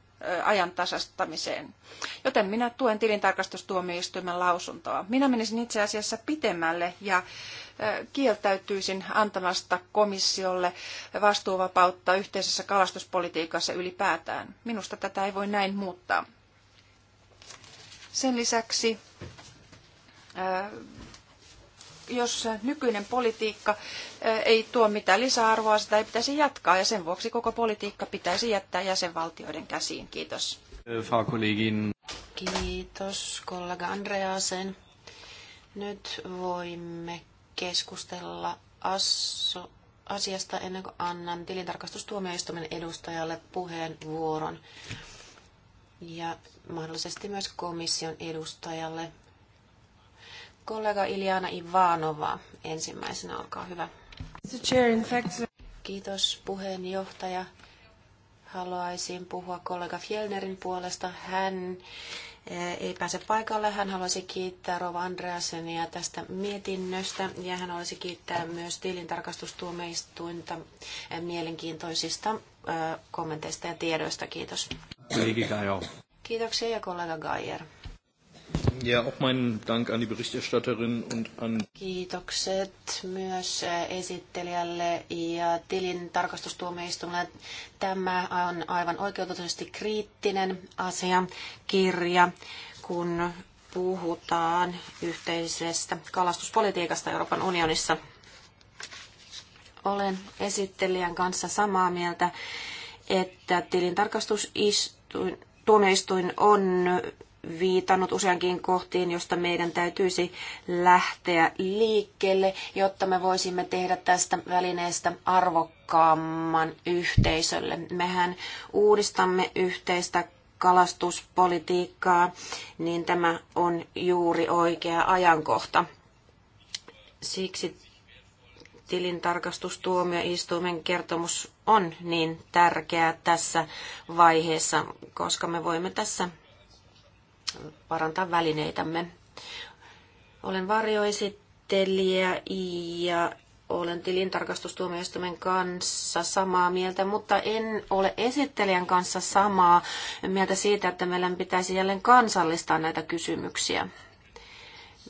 [SPEAKER 1] ajantasastamiseen. Joten minä tuen tilintarkastustuomioistuimen lausuntoa. Minä menisin itse asiassa pitemmälle ja kieltäytyisin antamasta komissiolle vastuuvapautta yhteisessä kalastuspolitiikassa ylipäätään. Minusta tätä ei voi näin muuttaa. Sen lisäksi jos nykyinen politiikka ei tuo mitään lisäarvoa,
[SPEAKER 3] sitä ei pitäisi jatkaa ja sen vuoksi koko politiikka pitäisi jättää jäsenvaltioiden käsiin. Kiitos. Kiitos kollega Andreasen. Nyt voimme keskustella asso, asiasta ennen kuin annan tilintarkastustuomioistuimen edustajalle puheenvuoron ja mahdollisesti myös komission edustajalle Kollega Iljana Ivanova ensimmäisenä, olkaa hyvä. Uh, Kiitos puheenjohtaja. Haluaisin puhua kollega Fjellnerin puolesta. Hän eh, ei pääse paikalle. Hän haluaisi kiittää Rova Andreasenia tästä mietinnöstä ja hän haluaisi kiittää myös tilintarkastustuomioistuinta eh, mielenkiintoisista eh, kommenteista ja tiedoista. Kiitos. Kiitoksia ja kollega Geier.
[SPEAKER 2] Ja auch meinen Dank an die Berichterstatterin und an...
[SPEAKER 3] Kiitokset myös äh, esittelijälle ja tilin tarkastustuomioistuimelle. Tämä on aivan oikeutetusti kriittinen asiakirja, kun puhutaan yhteisestä kalastuspolitiikasta Euroopan unionissa. Olen esittelijän kanssa samaa mieltä, että tilintarkastustuomioistuin on viitannut useankin kohtiin, josta meidän täytyisi lähteä liikkeelle, jotta me voisimme tehdä tästä välineestä arvokkaamman yhteisölle. Mehän uudistamme yhteistä kalastuspolitiikkaa, niin tämä on juuri oikea ajankohta. Siksi tilintarkastustuomioistuimen kertomus on niin tärkeä tässä vaiheessa, koska me voimme tässä parantaa välineitämme. Olen varjoesittelijä ja olen tilintarkastustuomioistuimen kanssa samaa mieltä, mutta en ole esittelijän kanssa samaa mieltä siitä, että meillä pitäisi jälleen kansallistaa näitä kysymyksiä.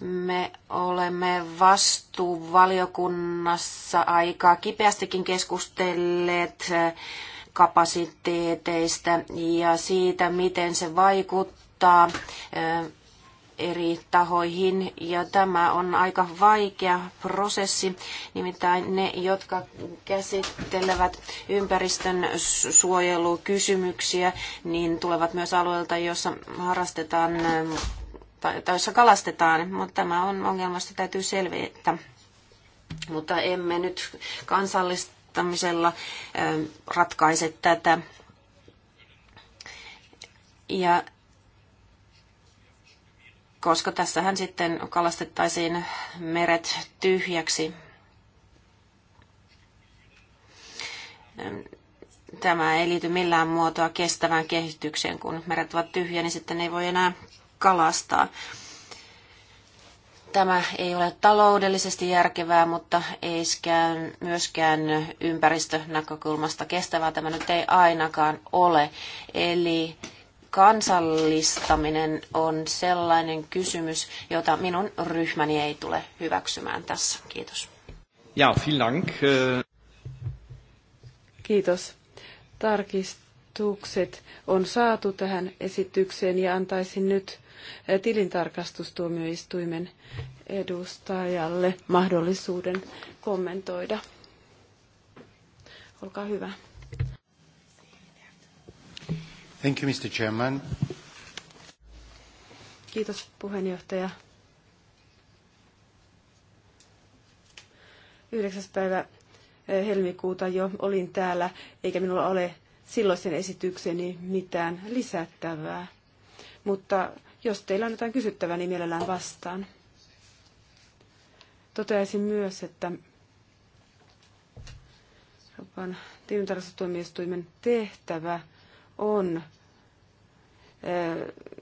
[SPEAKER 3] Me olemme vastuuvaliokunnassa aika kipeästikin keskustelleet kapasiteeteista ja siitä, miten se vaikuttaa vaikuttaa eri tahoihin ja tämä on aika vaikea prosessi, nimittäin ne, jotka käsittelevät ympäristön suojelukysymyksiä, niin tulevat myös alueelta, jossa harrastetaan tai jossa kalastetaan, mutta tämä on ongelma, sitä täytyy selvittää. Mutta emme nyt kansallistamisella ratkaise tätä. Ja koska tässähän sitten kalastettaisiin meret tyhjäksi. Tämä ei liity millään muotoa kestävään kehitykseen. Kun meret ovat tyhjä, niin sitten ei voi enää kalastaa. Tämä ei ole taloudellisesti järkevää, mutta ei myöskään ympäristönäkökulmasta kestävää tämä nyt ei ainakaan ole. Eli kansallistaminen on sellainen kysymys, jota minun ryhmäni ei
[SPEAKER 4] tule hyväksymään tässä. Kiitos.
[SPEAKER 2] Ja, vielen dank. Äh.
[SPEAKER 4] Kiitos. Tarkistukset on saatu tähän esitykseen ja antaisin nyt äh, tilintarkastustuomioistuimen edustajalle mahdollisuuden kommentoida. Olkaa hyvä.
[SPEAKER 1] Thank you, Mr. Chairman.
[SPEAKER 4] Kiitos puheenjohtaja. 9. päivä eh, helmikuuta jo olin täällä, eikä minulla ole silloisen esitykseni mitään lisättävää. Mutta jos teillä on jotain kysyttävää, niin mielellään vastaan. Toteaisin myös, että Euroopan tilintarkastustuomioistuimen tehtävä – on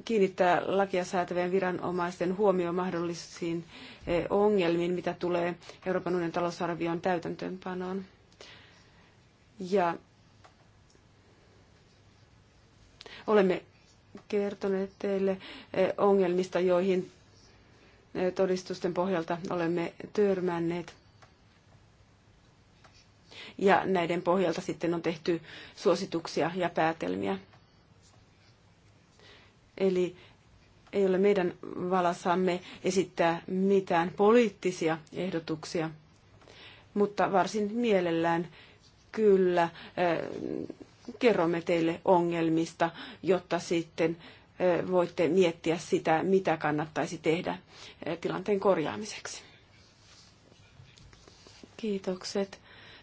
[SPEAKER 4] kiinnittää lakia säätävien viranomaisten huomio mahdollisiin ongelmiin, mitä tulee Euroopan unionin talousarvion täytäntöönpanoon. Ja olemme kertoneet teille ongelmista, joihin todistusten pohjalta olemme törmänneet ja näiden pohjalta sitten on tehty suosituksia ja päätelmiä. Eli ei ole meidän valassamme esittää mitään poliittisia ehdotuksia, mutta varsin mielellään kyllä kerromme teille ongelmista, jotta sitten voitte miettiä sitä, mitä kannattaisi tehdä tilanteen korjaamiseksi. Kiitokset.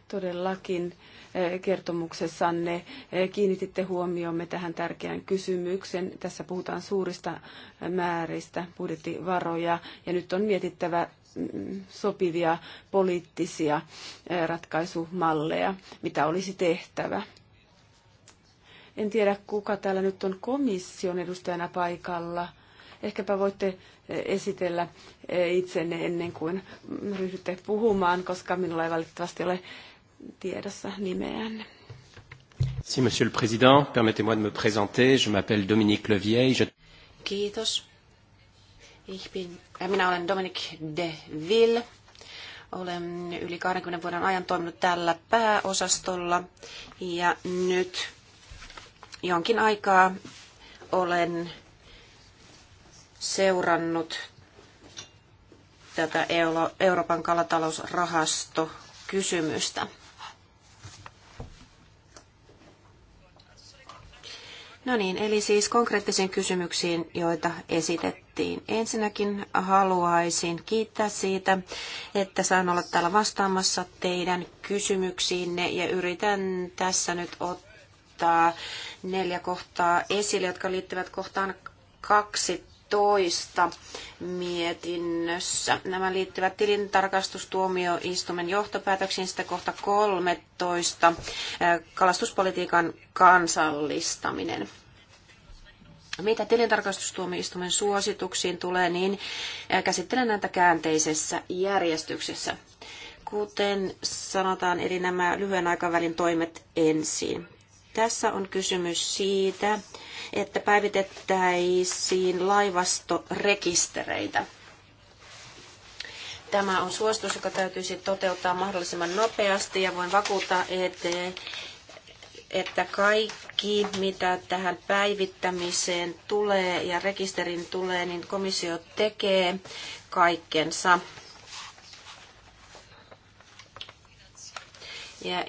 [SPEAKER 4] Todellakin eh, kertomuksessanne eh, kiinnititte huomiomme tähän tärkeään kysymykseen. Tässä puhutaan suurista eh, määristä budjettivaroja ja nyt on mietittävä mm, sopivia poliittisia ratkaisumalleja, mitä olisi tehtävä. En tiedä, kuka täällä nyt on komission edustajana paikalla. Ehkäpä voitte esitellä itsenne ennen kuin ryhdytte puhumaan, koska minulla ei valitettavasti ole tiedossa nimeänne.
[SPEAKER 2] Si, monsieur le président, permettez-moi de me présenter. Je m'appelle Dominique Levieille. Je...
[SPEAKER 3] Kiitos. Ich bin, äh, minä olen Dominique de Ville. Olen yli 20 vuoden ajan toiminut tällä pääosastolla ja nyt jonkin aikaa olen seurannut tätä Euroopan kalatalousrahastokysymystä. kysymystä. No niin, eli siis konkreettisiin kysymyksiin, joita esitettiin. Ensinnäkin haluaisin kiittää siitä, että saan olla täällä vastaamassa teidän kysymyksiinne ja yritän tässä nyt ottaa neljä kohtaa esille, jotka liittyvät kohtaan 12 toista mietinnössä. Nämä liittyvät tilintarkastustuomioistuimen johtopäätöksiin sitä kohta 13, kalastuspolitiikan kansallistaminen. Mitä tilintarkastustuomioistuimen suosituksiin tulee, niin käsittelen näitä käänteisessä järjestyksessä. Kuten sanotaan, eli nämä lyhyen aikavälin toimet ensin. Tässä on kysymys siitä, että päivitettäisiin laivastorekistereitä. Tämä on suositus, joka täytyisi toteuttaa mahdollisimman nopeasti ja voin vakuuttaa, että, että kaikki, mitä tähän päivittämiseen tulee ja rekisterin tulee, niin komissio tekee kaikkensa. Ja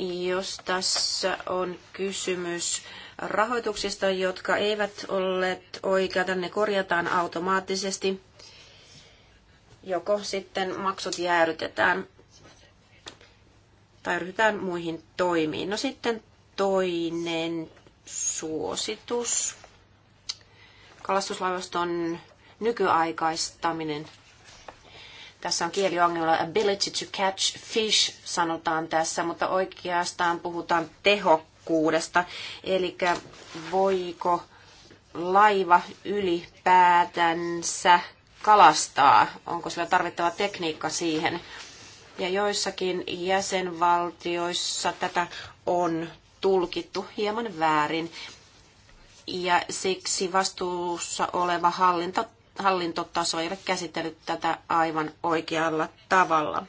[SPEAKER 3] jos tässä on kysymys rahoituksista, jotka eivät olleet oikeita, ne korjataan automaattisesti. Joko sitten maksut jäädytetään tai ryhdytään muihin toimiin. No sitten toinen suositus. Kalastuslaivaston nykyaikaistaminen. Tässä on kieliongelma ability to catch fish, sanotaan tässä, mutta oikeastaan puhutaan tehokkuudesta. Eli voiko laiva ylipäätänsä kalastaa? Onko sillä tarvittava tekniikka siihen? Ja joissakin jäsenvaltioissa tätä on tulkittu hieman väärin. Ja siksi vastuussa oleva hallinto hallintotaso ei ole käsitellyt tätä aivan oikealla tavalla.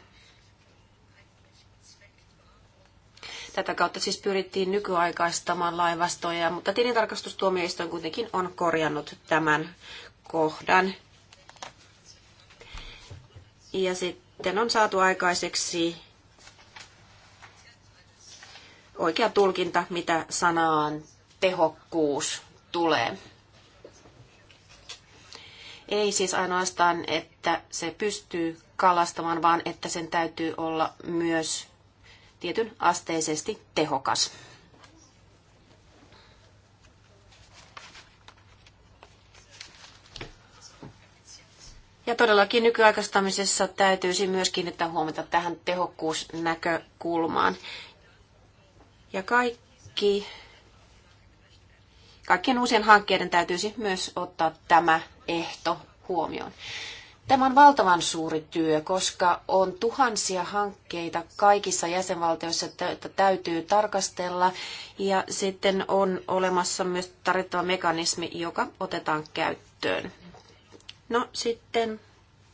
[SPEAKER 3] Tätä kautta siis pyrittiin nykyaikaistamaan laivastoja, mutta tilintarkastustuomioistuin kuitenkin on korjannut tämän kohdan. Ja sitten on saatu aikaiseksi oikea tulkinta, mitä sanaan tehokkuus tulee. Ei siis ainoastaan, että se pystyy kalastamaan, vaan että sen täytyy olla myös tietyn asteisesti tehokas. Ja todellakin nykyaikaistamisessa täytyisi myös kiinnittää huomiota tähän tehokkuusnäkökulmaan. Ja kaikki, kaikkien uusien hankkeiden täytyisi myös ottaa tämä ehto huomioon. Tämä on valtavan suuri työ, koska on tuhansia hankkeita kaikissa jäsenvaltioissa, joita täytyy tarkastella. Ja sitten on olemassa myös tarvittava mekanismi, joka otetaan käyttöön. No sitten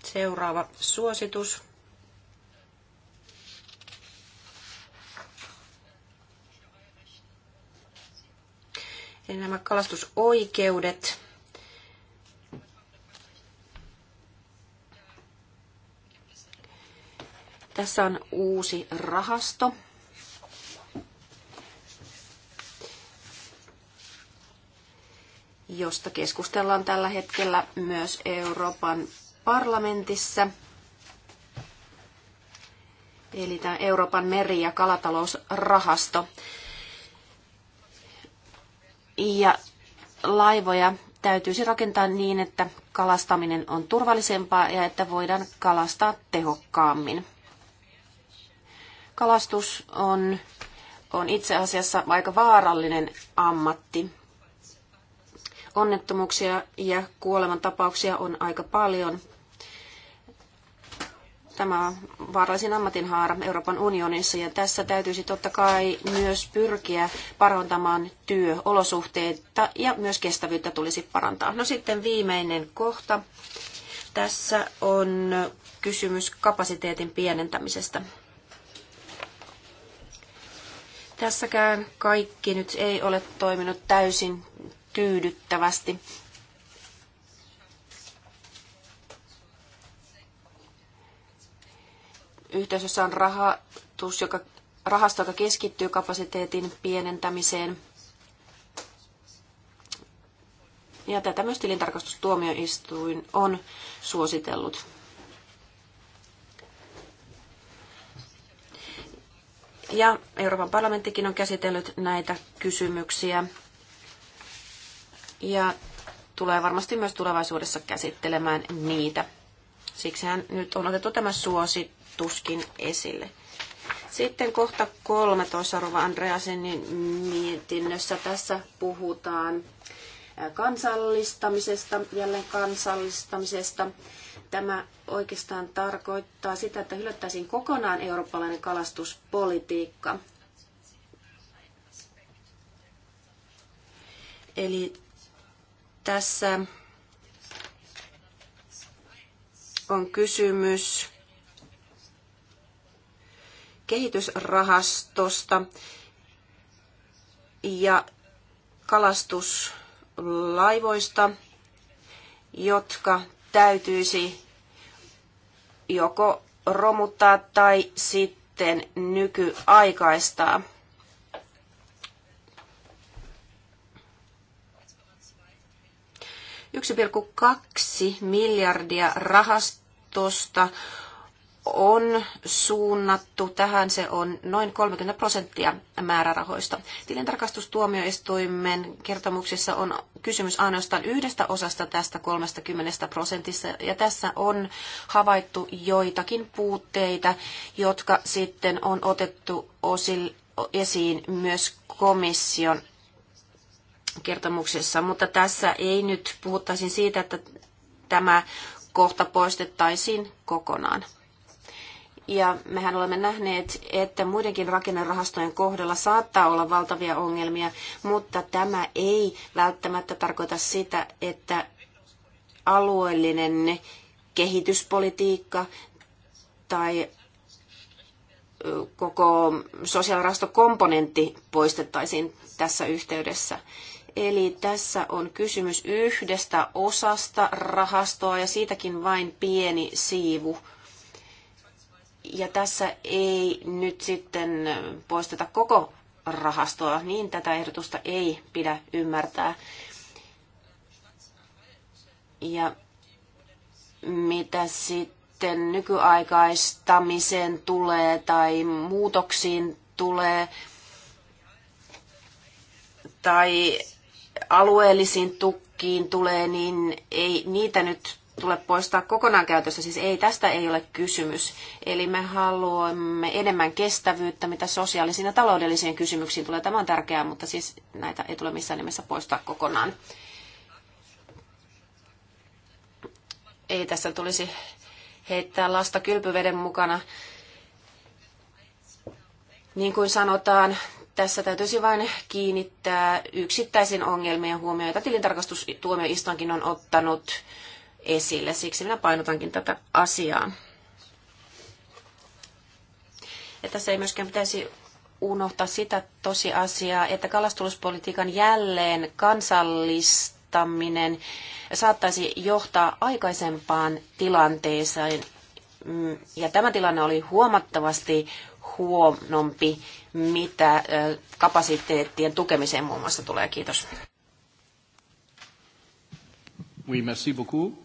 [SPEAKER 3] seuraava suositus. Eli nämä kalastusoikeudet. Tässä on uusi rahasto. josta keskustellaan tällä hetkellä myös Euroopan parlamentissa. Eli tämä Euroopan meri- ja kalatalousrahasto. Ja laivoja täytyisi rakentaa niin, että kalastaminen on turvallisempaa ja että voidaan kalastaa tehokkaammin. Kalastus on, on itse asiassa aika vaarallinen ammatti. Onnettomuuksia ja kuolemantapauksia on aika paljon. Tämä on vaarallisin ammatinhaara Euroopan unionissa ja tässä täytyisi totta kai myös pyrkiä parantamaan työolosuhteita ja myös kestävyyttä tulisi parantaa. No sitten viimeinen kohta. Tässä on kysymys kapasiteetin pienentämisestä. Tässäkään kaikki nyt ei ole toiminut täysin tyydyttävästi. Yhteisössä on rahatus, joka, rahasto, joka keskittyy kapasiteetin pienentämiseen. Ja tätä myös tilintarkastustuomioistuin on suositellut. Ja Euroopan parlamenttikin on käsitellyt näitä kysymyksiä. Ja tulee varmasti myös tulevaisuudessa käsittelemään niitä. Siksihän nyt on otettu tämä suosituskin esille. Sitten kohta 13 Rova Andreasenin niin mietinnössä tässä puhutaan kansallistamisesta, jälleen kansallistamisesta. Tämä oikeastaan tarkoittaa sitä, että hylättäisiin kokonaan eurooppalainen kalastuspolitiikka. Eli tässä on kysymys kehitysrahastosta ja kalastuslaivoista, jotka täytyisi joko romuttaa tai sitten nykyaikaistaa. kaksi miljardia rahastosta on suunnattu tähän. Se on noin 30 prosenttia määrärahoista. Tilintarkastustuomioistuimen kertomuksissa on kysymys ainoastaan yhdestä osasta tästä 30 prosentissa. Ja tässä on havaittu joitakin puutteita, jotka sitten on otettu osin, esiin myös komission kertomuksessa. Mutta tässä ei nyt puhuttaisiin siitä, että tämä kohta poistettaisiin kokonaan. Ja mehän olemme nähneet, että muidenkin rakennerahastojen kohdalla saattaa olla valtavia ongelmia, mutta tämä ei välttämättä tarkoita sitä, että alueellinen kehityspolitiikka tai koko sosiaalirahastokomponentti poistettaisiin tässä yhteydessä. Eli tässä on kysymys yhdestä osasta rahastoa ja siitäkin vain pieni siivu – ja tässä ei nyt sitten poisteta koko rahastoa, niin tätä ehdotusta ei pidä ymmärtää. Ja mitä sitten nykyaikaistamiseen tulee tai muutoksiin tulee tai alueellisiin tukkiin tulee, niin ei niitä nyt tule poistaa kokonaan käytöstä, siis ei tästä ei ole kysymys. Eli me haluamme enemmän kestävyyttä, mitä sosiaalisiin ja taloudellisiin kysymyksiin tulee. Tämä on tärkeää, mutta siis näitä ei tule missään nimessä poistaa kokonaan. Ei tässä tulisi heittää lasta kylpyveden mukana. Niin kuin sanotaan, tässä täytyisi vain kiinnittää yksittäisiin ongelmien huomioita. Tilintarkastustuomioistuinkin on ottanut esille. Siksi minä painotankin tätä asiaa. Ja tässä ei myöskään pitäisi unohtaa sitä tosiasiaa, että kalastuspolitiikan jälleen kansallistaminen saattaisi johtaa aikaisempaan tilanteeseen. Mm, ja tämä tilanne oli huomattavasti huonompi, mitä kapasiteettien tukemiseen muun muassa tulee. Kiitos.
[SPEAKER 2] Oui, merci beaucoup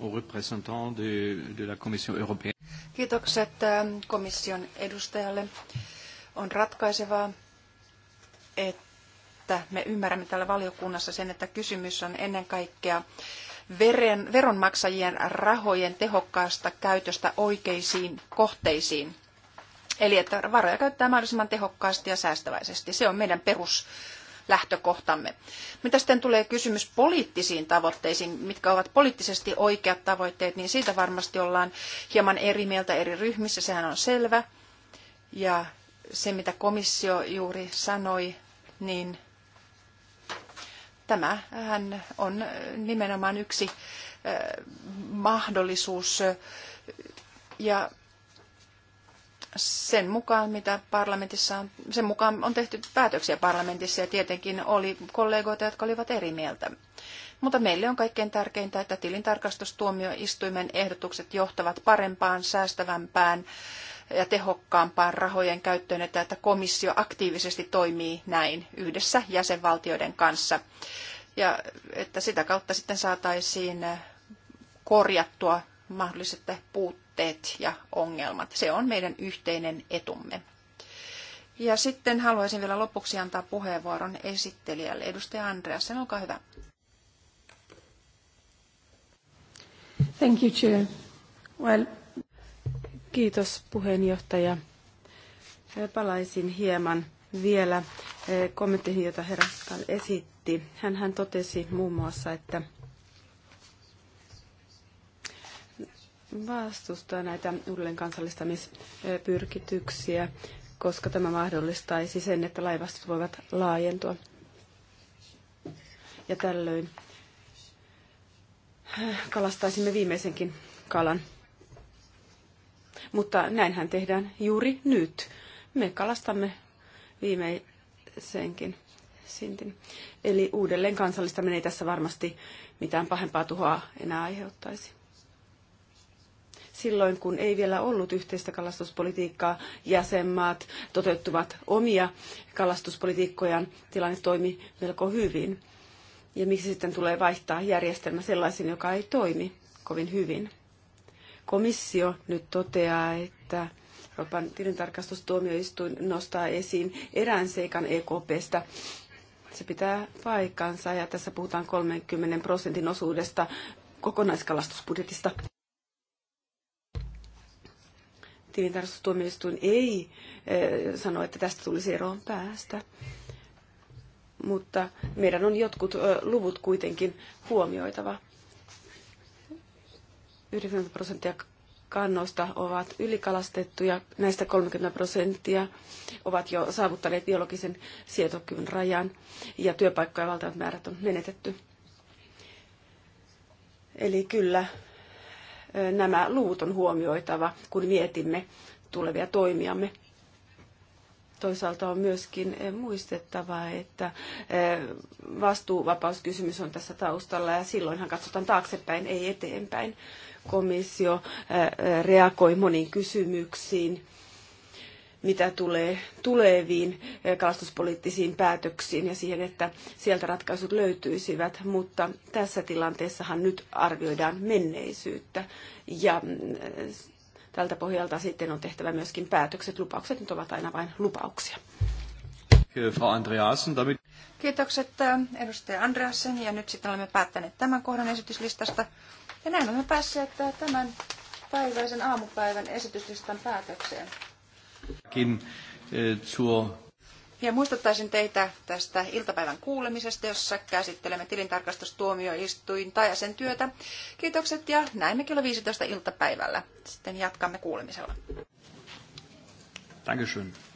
[SPEAKER 2] aux de la Commission européenne.
[SPEAKER 1] Kiitokset ähm, komission edustajalle. On ratkaisevaa, että me ymmärrämme täällä valiokunnassa sen, että kysymys on ennen kaikkea veren, veronmaksajien rahojen tehokkaasta käytöstä oikeisiin kohteisiin. Eli että varoja käyttää mahdollisimman tehokkaasti ja säästäväisesti. Se on meidän perus lähtökohtamme. Mitä sitten tulee kysymys poliittisiin tavoitteisiin, mitkä ovat poliittisesti oikeat tavoitteet, niin siitä varmasti ollaan hieman eri mieltä eri ryhmissä, sehän on selvä. Ja se, mitä komissio juuri sanoi, niin tämähän on nimenomaan yksi eh, mahdollisuus. Ja sen mukaan, mitä parlamentissa on, sen mukaan on tehty päätöksiä parlamentissa ja tietenkin oli kollegoita, jotka olivat eri mieltä. Mutta meille on kaikkein tärkeintä, että tilintarkastustuomioistuimen ehdotukset johtavat parempaan, säästävämpään ja tehokkaampaan rahojen käyttöön, että, että komissio aktiivisesti toimii näin yhdessä jäsenvaltioiden kanssa. Ja että sitä kautta sitten saataisiin korjattua mahdolliset puut puutteet ja ongelmat. Se on meidän yhteinen etumme. Ja sitten haluaisin vielä lopuksi antaa puheenvuoron esittelijälle. Edustaja Andreasen, olkaa hyvä.
[SPEAKER 4] Thank you, Chair. Well... Kiitos puheenjohtaja. Palaisin hieman vielä eh, kommentteihin, joita herra esitti. Hän, hän totesi muun muassa, että vastustaa näitä uudelleen kansallistamispyrkityksiä, koska tämä mahdollistaisi sen, että laivastot voivat laajentua. Ja tällöin kalastaisimme viimeisenkin kalan. Mutta näinhän tehdään juuri nyt. Me kalastamme viimeisenkin sintin. Eli uudelleen kansallistaminen ei tässä varmasti mitään pahempaa tuhoa enää aiheuttaisi silloin, kun ei vielä ollut yhteistä kalastuspolitiikkaa, jäsenmaat toteuttuvat omia kalastuspolitiikkojaan, tilanne toimi melko hyvin. Ja miksi sitten tulee vaihtaa järjestelmä sellaisen, joka ei toimi kovin hyvin? Komissio nyt toteaa, että Euroopan tilintarkastustuomioistuin nostaa esiin erään seikan EKPstä, se pitää paikkansa ja tässä puhutaan 30 prosentin osuudesta kokonaiskalastusbudjetista tilintarkastustuomioistuin ei eh, sano, että tästä tulisi eroon päästä. Mutta meidän on jotkut eh, luvut kuitenkin huomioitava. 90 prosenttia kannoista ovat ylikalastettuja, näistä 30 prosenttia ovat jo saavuttaneet biologisen sietokyvyn rajan ja työpaikkoja valtavat määrät on menetetty. Eli kyllä nämä luvut on huomioitava, kun mietimme tulevia toimiamme. Toisaalta on myöskin muistettava, että vastuuvapauskysymys on tässä taustalla ja silloinhan katsotaan taaksepäin, ei eteenpäin. Komissio reagoi moniin kysymyksiin mitä tulee tuleviin eh, kalastuspoliittisiin päätöksiin ja siihen, että sieltä ratkaisut löytyisivät, mutta tässä tilanteessahan nyt arvioidaan menneisyyttä ja mm, eh, tältä pohjalta sitten on tehtävä myöskin päätökset. Lupaukset nyt ovat aina vain lupauksia. Kiitokset eh, edustaja Andreasen ja nyt sitten olemme
[SPEAKER 1] päättäneet tämän kohdan esityslistasta. Ja näin olemme päässeet tämän päiväisen aamupäivän esityslistan päätökseen. Eh, ja muistuttaisin teitä tästä iltapäivän kuulemisesta, jossa käsittelemme tilintarkastustuomioistuin tai sen työtä. Kiitokset ja näemme kello 15 iltapäivällä. Sitten jatkamme kuulemisella.
[SPEAKER 2] Dankeschön.